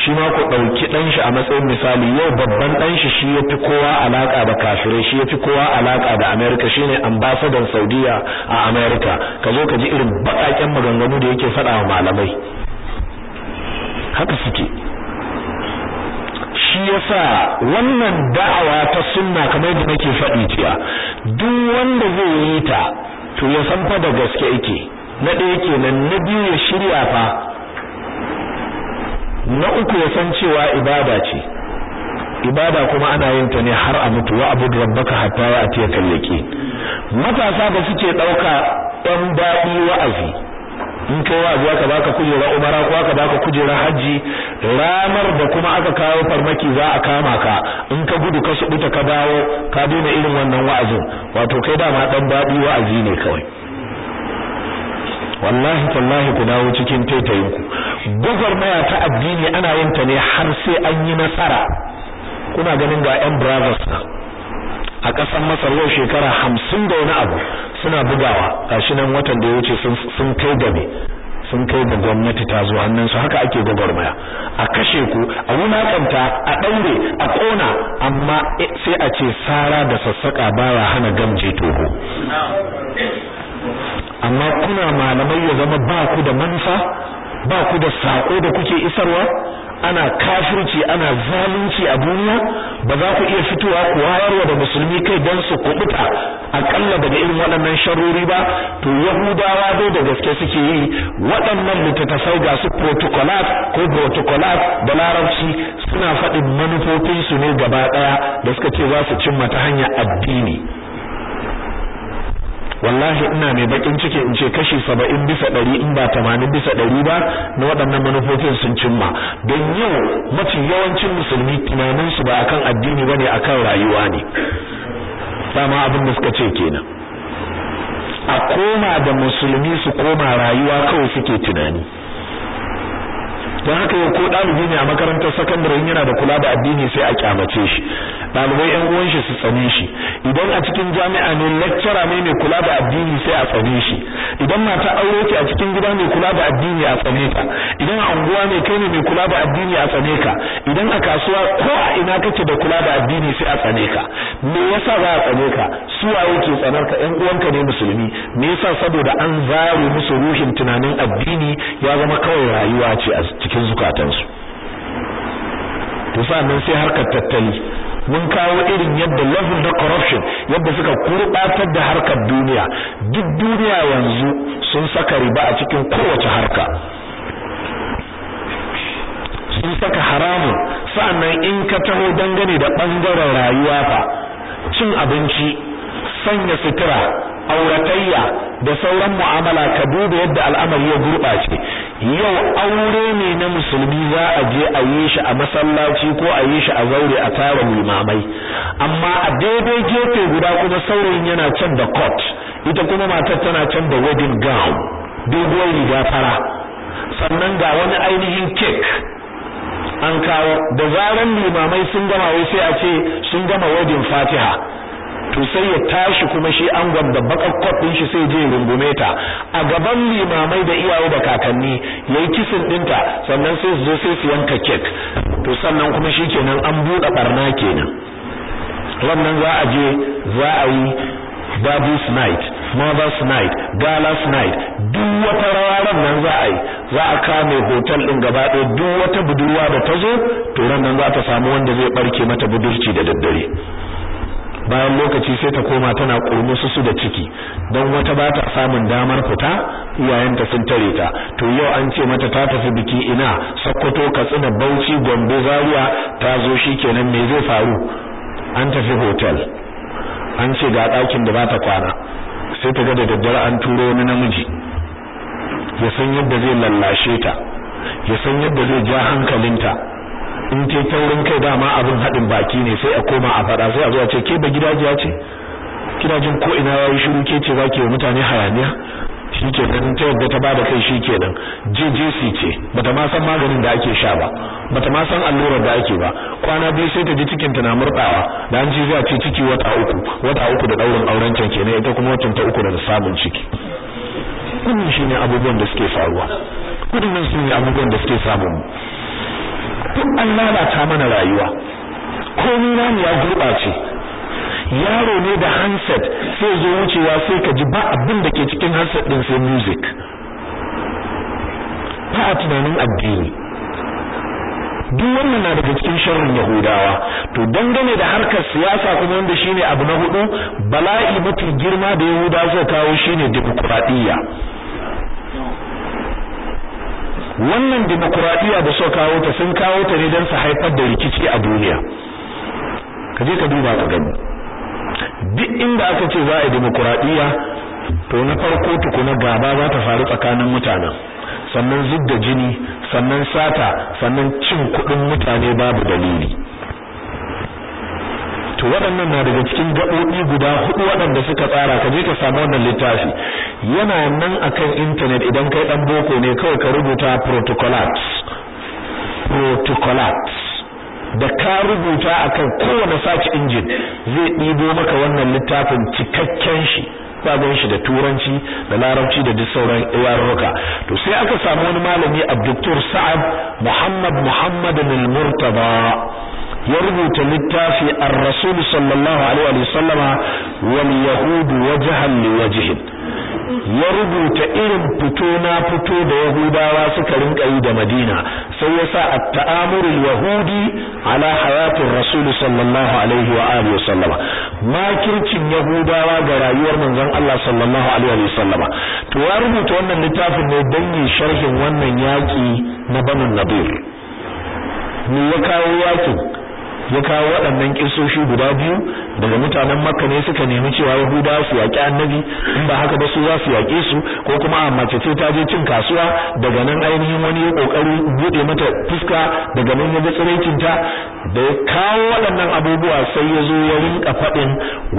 shi ma ku ɗauki ɗanshi a matsayin misali yau babban ɗanshi shi shi yafi kowa alaka da kafirai shi yafi kowa alaka da America shine ambasadan Saudiya a America ka zo ka ji irin baƙaƙen maganganu da yake faɗa wa malamai haka suke shi yasa wannan da'awa ta sunna kamar da nake faɗi tiya duk wanda zai yi ta to ya san fa da gaske yake na ɗaya kenan na biyu ya shirya fa na uku ya san cewa ibada ce ibada kuma ana yin ta ne har a mutu wa abu rabbaka hatta ya atiya kallake matasa da suke dauka ɗan daɗi wa'azi in kai wa'azi aka baka kujera umara ko aka baka kujera hajji ramar da kuma aka kawo farmaki za a kama ka in ka gudu ka subuta ka dawo ka daina irin wannan wa'azin wato kai dama ɗan babi wa'azi ne kawai wallahi wallahi ku dawo cikin taitayinku gwagwarmaya ta addini ana yin ta ne har sai an yi nasara kuna ganin ga yan brothers na a ƙasar masar yau shekara hamsin da wani abu suna bugawa gashi nan watan da ya wuce sun kai da me sun kai da gwamnati ta zo hannunsu haka ake gwagwarmaya a kashe ku a wulakanta a ɗaure a ƙona amma eh, sai a ce sara da sassaƙa baya hana gamje toho amma kuna malamai ya zama ba ku da manufa ba ku da sako da kuke isarwa ana kafirci ana zalunci a duniya ba za ku iya fitowa ku wayarwa da musulmi kai don su kubuta akalla daga irin waɗannan sharori ba to yahudawa dai da gaske suke yi waɗannan littattafai ga su protocolat ko protocolat da larabci suna faɗin manufofinsu ne gaba ɗaya da suka ce za su cimma ta hanyar addini wallahi ina mai bakin ciki in ce kashi 70 bisa 100 in ba 80 bisa 100 ba na waɗannan manufofin sun cimma don yau mafi yawancin musulmi tunanin su ba akan addini bane akan rayuwa ne dama abin da suka ce kenan a koma da musulmi su koma rayuwa kawai suke tunani don haka yau ko ɗalibi ne a makarantar sakandare yana da kula da addini sai a kyamace shi ɗalibai yan uwan shi su tsane shi idan a cikin jami'a ne lecturer ne mai kula da addini sai a tsane shi idan mata aure ce a cikin gida mai kula da addini a tsane ta idan a unguwa ne kai ne mai kula da addini a tsane ka idan a kasuwa ko a ina kake da kula da addini sai a tsane ka me yasa za a tsane ka su waye ke tsanar ka yan uwanka ne musulmi me yasa saboda an zare musu ruhin tunanin addini ya zama kawai rayuwa ce a cikin cikin zukatansu to sannan sai harkar tattali mun kawo irin yadda level da corruption yadda suka kurbatar da harkar duniya duk duniya yanzu sun saka riba a cikin kowace harka sun saka haramun sannan in ka taho dangane da bangaren rayuwa fa cin abinci sanya sutura auratayya da sauran mu'amala ka duba yadda al'amari ya gurɓace yau aure ne na musulmi za a je a yi shi a masallaci ko a yi shi a zaure a tara limamai amma a daidai gefe guda kuma saurayin yana can da court ita kuma matar tana can da wedding gown dogon riga fara sannan ga wani ainihin cake an kawo da zaran limamai sun gama wai sai a ce sun gama wedding fatiha to sai ya tashi kuma shi angon da bakakkot din shi sai je rungume ta a gaban limamai da iyaye da kakanni yayi kisin dinta sannan sai zo sai su yanka kek to sannan kuma shi kenan an buɗe ɓarna kenan wannan za a je za a yi daddy's night mother's night gala's night duk wata rawa nan za a yi za a kame hotel din gaba ɗaya duk wata budurwa da ta zo to ran nan za ta samu wanda zai barke mata budurci da daddare bayan lokaci sai ta koma tana kurmusu su da ciki don wata ba ta samun damar fita iyayenta sun tare ta to yau an ce mata ta tafi biki ina Sokoto Katsina Bauchi Gombe Zaria ta zo shi shikenan me zai faru an tafi hotel an ce ga ɗakin da ba ta kwana sai ta ga da daddare an turo wani namiji ya san yadda zai lallashe ta ya san yadda zai ja hankalinta in ce taurin kai dama abin haɗin baki ne sai a koma a faɗa sai a zuwa ce ke ba gidajiya ce gidajen ko ina yayi shiru ke ce zaki wa mutane hayaniya nan ta yadda ta bada kai shi ke nan JJC ce bata ma san maganin da ake sha ba bata ma san allurar da ake ba kwana biyu sai ta ji cikin ta na murɗawa da an ji za ce ciki wata uku wata uku da ɗaurin auren can kenan ita kuma watan ta uku da samun ciki wannan ne abubuwan da suke faruwa su ne abubuwan da suke samun duk an lalata mana rayuwa komai namu ya gurɓace yaro ne da handset sai zo wucewa sai ka ji ba abin da ke cikin handset din sai music ba a tunanin addini duk wannan na daga cikin sharrin yahudawa to dangane da harkar siyasa kuma wanda shine abu na hudu bala'i mafi girma da yahudawa zai kawo shine demokradiyya wannan demokuraɗiyya da suka kawo ta sun kawo ta ne don su haifar da rikici a duniya ka je ka duba ka gani duk inda aka ce za a yi demokuraɗiyya to na farko tukuna gaba za ta faru tsakanin mutanen sannan zub da jini sannan sata sannan cin kuɗin mutane babu dalili to waɗannan na daga cikin gaɓoɓi guda hudu waɗanda suka tsara ka je ka samu wannan littafi yana nan akan intanet idan kai ɗan boko ne kawai ka rubuta protocolat protocolat da ka rubuta akan kowane search engine zai ɗibo maka wannan littafin cikakken shi sabon shi da turanci da larabci da duk sauran yarurruka to sai aka samu wani malami Abdul Sa'ad Muhammad Muhammad al-Murtada ya rubuta littafi ar-rasul sallallahu alaihi wa wa wal yahud wajhan li wajhin ya rubuta irin fito na fito da yahudawa suka rinka yi da madina sai ya sa at-ta'amur al-yahudi ala hayatir rasul sallallahu alaihi wa alihi wa sallama makircin yahudawa ga rayuwar manzon Allah sallallahu alaihi wa sallam. to ya rubuta wannan littafin ne dan yin sharhin wannan yaki na banu nadir me ya kawo yakin ya kawo waɗannan kisoshi guda biyu daga mutanen makka ne suka nemi cewa yahudawa su yaƙi annabi in ba haka ba su za su yaƙe su ko kuma a mace ce ta je cin kasuwa daga nan ainihin wani ya ƙoƙari buɗe mata fuska daga nan ya ga tsiraicinta da ya kawo waɗannan abubuwa sai ya zo ya rinka faɗin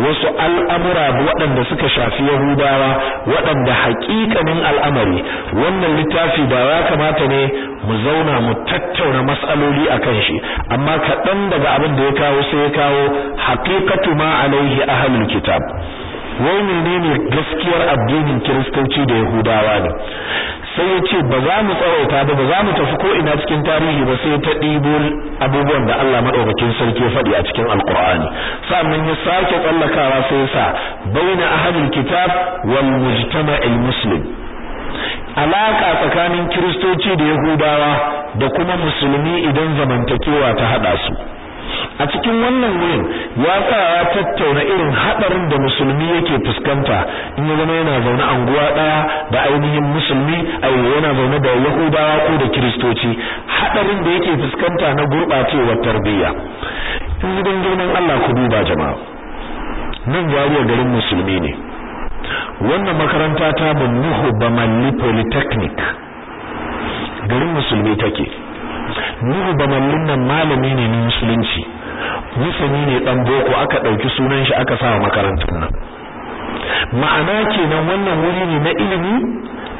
wasu al'amura waɗanda suka shafi yahudawa waɗanda haƙiƙanin al'amari wannan littafi ba ya kamata ne mu zauna mu tattauna matsaloli kan shi amma kaɗan daga abin da ya kawo sai ya kawo haqiqatu ma alaihi ahlul kitab wai menene gaskiyar addinin kiristoci da yahudawa ne sai ya ce ba za mu tsawaita ba ba za mu tafi ko ina cikin tarihi ba sai ta ɗibo abubuwan da Allah madaukakin sarki ya faɗi a cikin alkur'ani sannan ya sake tsallakawa sai ya sa baina ahadul kitab wal mujtama'il muslim alaka tsakanin kiristoci da yahudawa da kuma musulmi idan zamantakewa ta haɗa su a cikin wannan wurin ya sa ya tattauna irin hadarin da musulmi yake fuskanta in ya zama yana zaune anguwa daya da ainihin musulmi ai yana zaune da yahudawa ko da kiristoci hadarin da yake fuskanta na gurbacewar tarbiyya in gidan girman Allah ku duba jama'a nan jariya garin musulmi ne wannan makaranta ta Nuhu Bamali Polytechnic garin musulmi take nuhu bamallin nan malami ne na musulunci musulmi ne dan boko aka dauki sunan shi aka sa makarantun nan ma'ana kenan wannan wuri ne na ilimi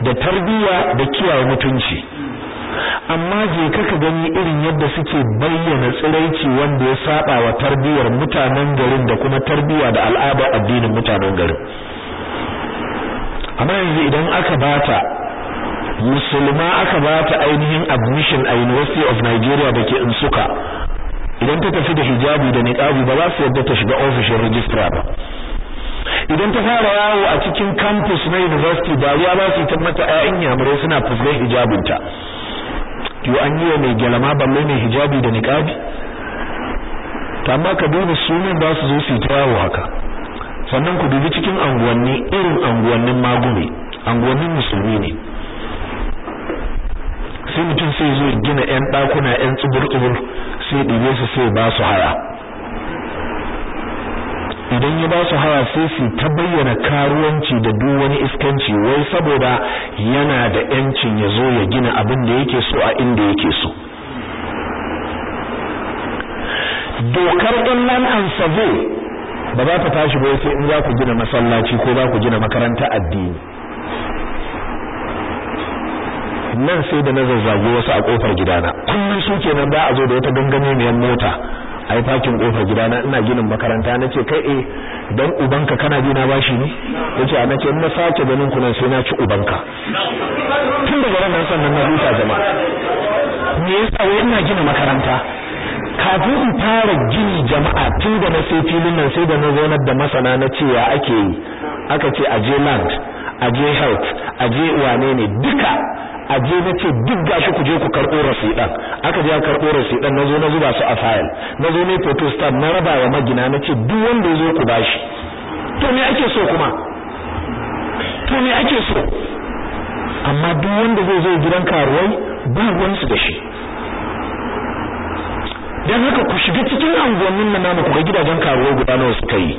da tarbiyya da kiyaye mutunci amma je ka gani irin yadda suke bayyana tsiraici wanda ya saba wa tarbiyyar mutanen garin da kuma tarbiyya da al'adar addinin mutanen garin amma yanzu idan aka bata musulma aka ba ta ainihin admission a University of Nigeria da ke suka idan ta tafi da hijabi da niqabi ba za su yadda ta shiga ofishin registrar ba idan ta fara yawo a cikin campus na university dariya ba su ta mata ƴaƴan yamurai suna fuskan hijabinta yo an yi wa mai gyalama balle mai hijabi da niqabi ta amma ka duba sunan ba su zo su ta yawo haka sannan ku dubi cikin anguwanni irin anguwannin magume anguwannin musulmi ne sai mutum sai zo gina yan ɗakuna yan tsubur-tsubur sai ɗibe su sai ba su haya idan ya ba su haya sai su ta bayyana karuwanci da duk wani iskanci wai saboda yana da yancin ya zo ya gina abin da yake so a inda yake so dokar inland and ba za ta tashi ba sai in za ku gina masallaci ko za ku gina makaranta addini nan sai da na zazzage wasu a kofar gidana kullum su kenan ba a zo da wata gangamiyar mota ai fakin kofar gidana ina ginin makaranta nace kai eh dan ubanka kana jina bashi ne yace a nace na sake ganin ku nan sai na ci ubanka tun daga nan sannan na huta jama'a me yasa wai ina gina makaranta kafin in fara gini jama'a tun da na sai filin nan sai da na zonar da masana na ce ya ake yi aka ce a je land a je health a je wane ne duka a je na ce duk gashi ku je ku karɓo rasiɗan aka je a karɓo rasiɗan na na zuba su a fayil na zo ne stamp na raba wa magina na ce duk wanda ya ku bashi to me ake so kuma to me ake so amma duk wanda zai zo gidan karuwai ba wansu da shi dan haka ku shiga cikin anguwannin nan namu ku ga gidajen karuwai guda nawa suka yi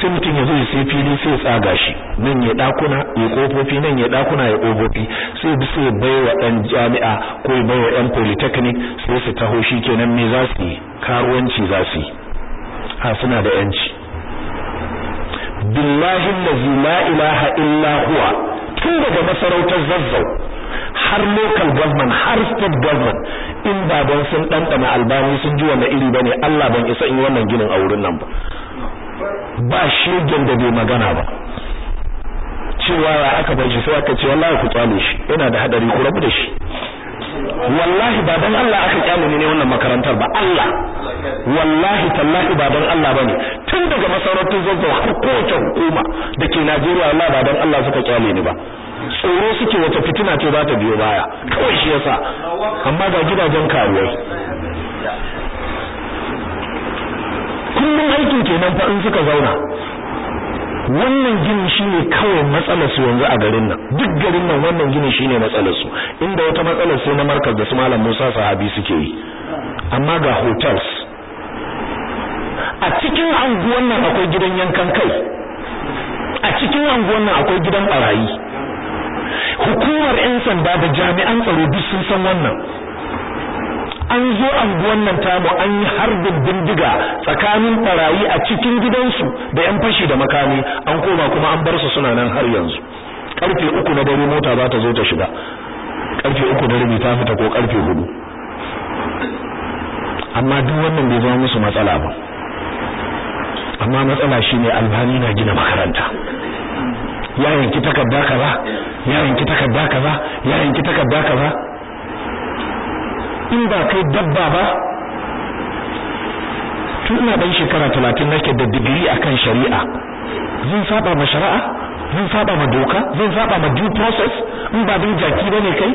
sai mutum ya zo ya sai fili sai ya tsaga shi nan ya dakuna ya kofofi nan ya dakuna ya kofofi sai bi sai baiwa dan jami'a ko ya baiwa yan polytechnic sai su taho shi kenan me za su yi karuwanci za su yi ha suna da yanci billahi allazi la ilaha illa huwa tun daga masarautar zazzau har local government har state government in ba don sun ɗanɗana albani sun ji wani iri ba ne Allah ban isa in wannan ginin a wurin nan ba ba shegen da bai magana ba cewa ya aka bar shi sai aka ce wallahi ku tsale shi yana da hadari ku rabu da shi wallahi ba dan Allah aka kyale ne wannan makarantar ba Allah wallahi tallahi ba dan Allah bane tun daga masarautar zazzau har kowace hukuma dake Najeriya wallahi ba dan Allah suka kyale ni ba tsoro suke wata fitina ce za ta biyo baya kawai shi yasa amma ga gidajen karuwai kullum aikin kenan fa in suka zauna wannan gini shine kawai matsalar su yanzu a garin nan duk garin nan wannan gini shine matsalar su inda wata matsalar sai na markaz da su malam Musa sahabi suke yi amma ga hotels a cikin anguwan nan akwai gidan yankan kai a cikin anguwan nan akwai gidan barayi hukumar 'yan sanda da jami'an tsaro duk sun san wannan an zo anguwan nan tamu an yi harbin bindiga tsakanin barayi a cikin gidansu da yan fashi da makami an koma kuma an bar su suna nan har yanzu karfe uku na dare mota za ta zo ta shiga karfe uku da rabi ta fita ko karfe hudu amma duk wannan bai zama musu matsala ba amma matsala shine albani na gina makaranta ya ki takarda kaza ya ki takarda kaza ya ki takarda kaza in ba kai dabba ba tun ina dan shekara talatin nake da digiri akan shari'a zan saba ma shari'a zan saba ma doka zan saba ma due process in ba bin jaki bane kai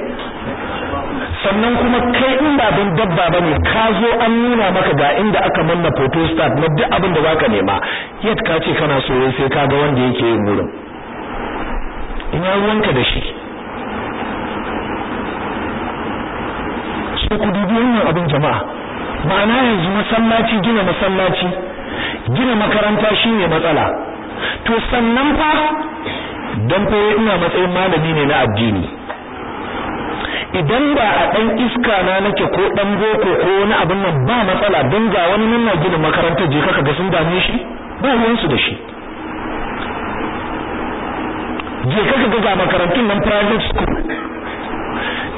sannan kuma kai in ba dan dabba bane ka zo an nuna maka ga inda aka manna photo start na duk abin da zaka nema yadda ka ce kana so sai ka ga wanda yake yin wurin ina ruwanka da shi so ku biyan wannan abin jama'a ma'ana yanzu masallaci gina masallaci gina makaranta shine matsala to sannan fa dan fa ina matsayin malami ne na addini idan ba a dan iska na nake ko dan boko ko wani abin nan ba matsala dan ga wani nan na gina makaranta je kaka ga sun dame shi ba ruwan da shi je kaka ga makarantun nan private school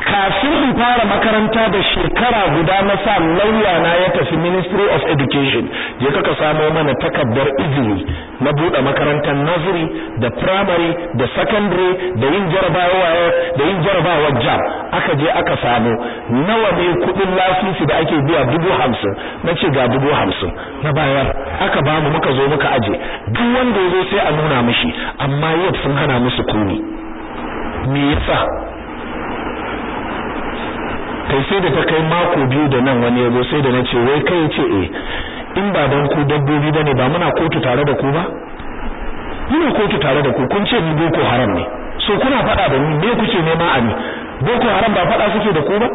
kafin in fara makaranta da shekara guda na sa lauya na ya tafi ministry of education je ka samo mana takardar izini na buɗe makarantar nursery da primary da secondary da yin jarabawa da yin jarabawa jam aka je aka samu nawa ne kuɗin lasisi da ake biya dubu hamsin na ce ga dubu hamsin na bayar aka ba mu muka zo muka aje duk wanda ya zo sai a nuna mishi amma yau sun hana musu kuni me yasa kai sai da ta kai mako biyu da nan wani yazo sai da nace wai kai ce eh in ba dan ku dabbobi bane ba muna kotu tare da ku ba muna kotu tare da ku kun ce ni boko haram ne so kuna faɗa da ni me kuke nema a ni boko haram ba faɗa suke da ku ba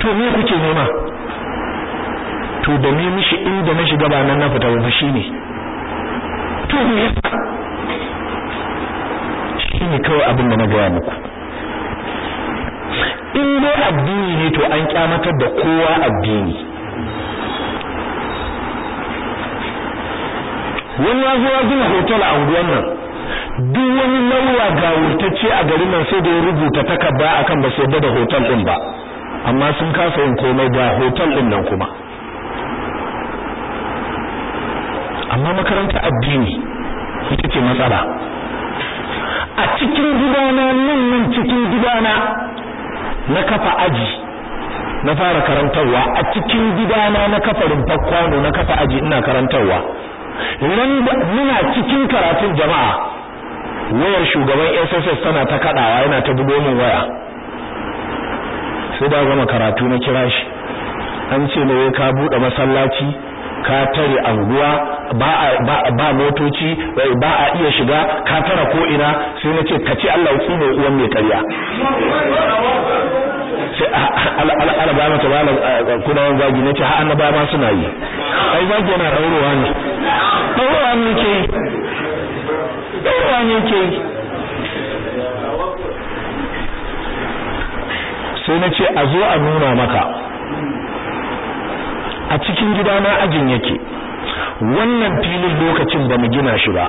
to me kuke nema to da ni mishi inda na shiga ba nan na fita ba ne. to me yasa ne kawai abin da na gaya muku in dai addini ne to an kyamatar da kowa addini wani ya zo gina hotel a unguwan nan duk wani lauya ga wurtacce a garin nan sai da ya rubuta takarda akan ba su yadda da hotel din ba amma sun kasa yin komai ga hotel din nan kuma amma makaranta addini ita ce matsala a cikin gidana nan nan cikin gidana na kafa aji na fara karantarwa a cikin gidana na kafa rumfar kwano na kafa aji ina karantarwa muna cikin karatun jama'a wayar shugaban SSS tana ta kadawa yana ta bugo min waya sai da gama karatu na kira shi an ce ne ka bude masallaci ka tare anguwa ba motoci ba a iya shiga ka tara ko ina sai na ce ka ci Allah ku ne uwan mai karya sai alaba ta malam kudawan zagi na ce ha annaba ma suna yi ai zagi yana ɗaurowa ne ɗaurowa ne ke yi ne ke sai na ce a zo a nuna maka a cikin gidana ajin yake wannan filin lokacin ba mu gina shi ba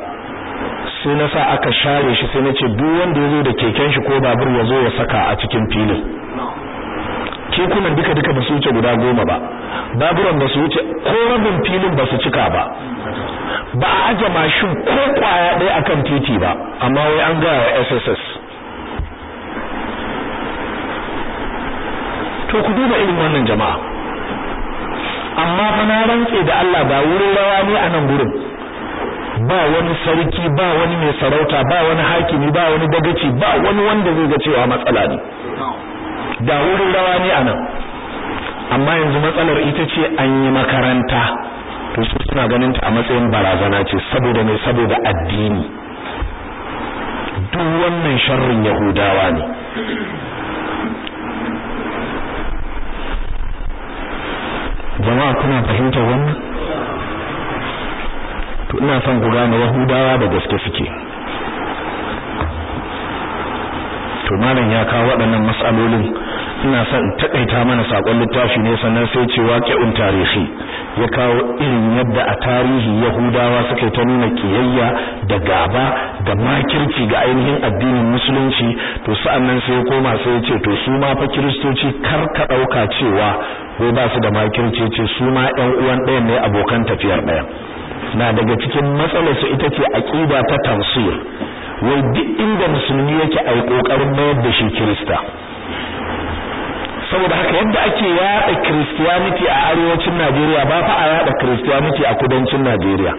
sai na sa aka share shi sai na ce duk wanda ya zo da keken shi ko babur ya zo ya saka a cikin filin Ke kekunan duka duka ba su wuce guda goma ba baburan ba su wuce ko rabin filin ba su cika ba ba a aje mashin ko kwaya ɗaya akan titi ba amma wai an gaya wa SSS to ku duba irin wannan jama'a amma fa na rantse da Allah ba wurin rawa ne a nan gurin ba wani sarki ba wani mai sarauta ba wani hakimi ba wani dagaci ba wani wanda zai ga cewa matsala ne da wurin rawa ne a nan amma yanzu matsalar ita ce an yi makaranta to su suna ganin ta a matsayin barazana ce saboda mai saboda addini duk wannan sharrin yahudawa ne jama'a kuna fahimtar wannan to ina son ku gane yahudawa da gaske suke to malam ya kawo waɗannan mas'alolin ina son takaita mana saƙon littafi ne sannan sai ce waqi'un tarihi ya kawo irin yadda a tarihi yahudawa suka ta nuna kiyayya da gaba da makirci ga ainihin addinin musulunci to sa'annan sai ya koma sai ya ce to su ma fa kiristoci kar ka dauka cewa ko ba su da makirci ce su ma ɗan uwan ɗayan ne abokan tafiyar ɗaya na daga cikin matsalar su ita ce aqida ta tafsir wai duk inda musulmi yake ai kokarin mayar da shi kirista saboda haka yadda ake yada christianity a arewacin Najeriya ba fa a yada christianity a kudancin Najeriya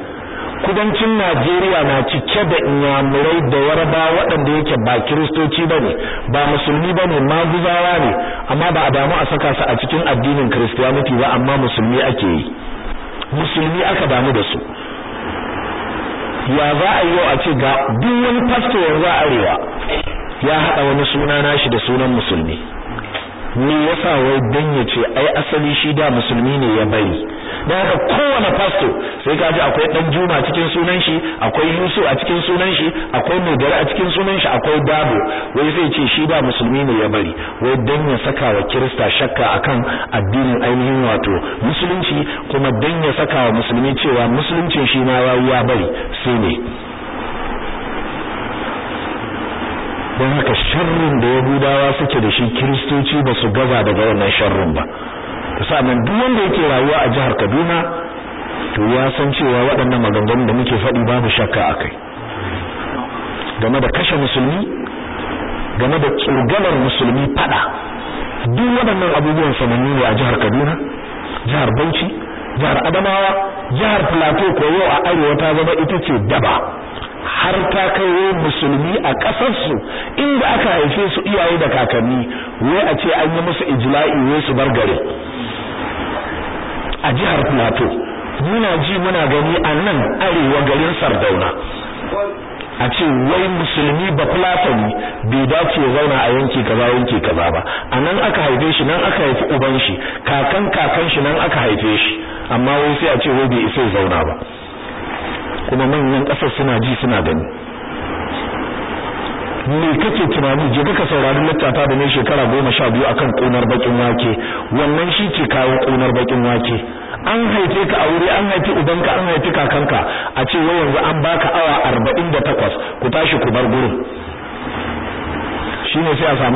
kudancin Najeriya na cike da inyamurai da yarba waɗanda yake ba kiristoci bane ba musulmi bane guzawa ne amma ba a damu a saka su a cikin addinin christianity ba amma musulmi ake yi musulmi aka damu da su ya za a yi a ce ga duk wani pastor yanzu a arewa ya haɗa wani suna nashi da sunan musulmi me yasa wai dan ya ce ai asali shi da musulmi ne ya bari dan haka kowane pastor sai kaji akwai dan juma cikin sunan shi akwai yusu a cikin sunan shi akwai mudara a cikin sunan shi akwai dabo wai zai ce shi da musulmi ne ya bari wai dan ya saka wa kirista shakka akan addinin ainihin wato musulunci kuma dan ya saka wa musulmi cewa musuluncin shi ma ya bari sai ne don haka sharrin da yahudawa suke da shi kiristoci ba su gaza daga wannan sharrin ba sannan duk wanda yake rayuwa a jihar kaduna to ya san cewa waɗannan maganganun da muke faɗi babu shakka a kai game da kashe musulmi game da tsurganar musulmi faɗa duk waɗannan abubuwan sanannu ne a jihar kaduna jihar bauchi jihar adamawa jihar plateau ko yau a arewa ta zama ita ce daba har ta kai wai musulmi a ƙasarsu inda aka haife su iyaye da kakanni wai a ce an yi musu ijla'i wai su bar gari a jihar plateau muna ji muna gani a nan arewa garin sardauna a ce wai musulmi ba ne bai dace ya zauna a yanki kaza yanki kaza ba a nan aka haife shi nan aka haifi uban shi kakan kakan shi nan aka haife shi amma wai sai a ce wai bai isa zauna ba kuma manyan ƙasar suna ji suna gani me kake tunani je ka saurari littata da ne shekara goma sha biyu akan ƙunar bakin wake wannan shi ke kawo ƙunar bakin wake an haife ka a wuri an haifi ubanka an haifi kakanka a ce wai yanzu an baka awa arba'in da takwas ku tashi ku bar gurin shine sai a samu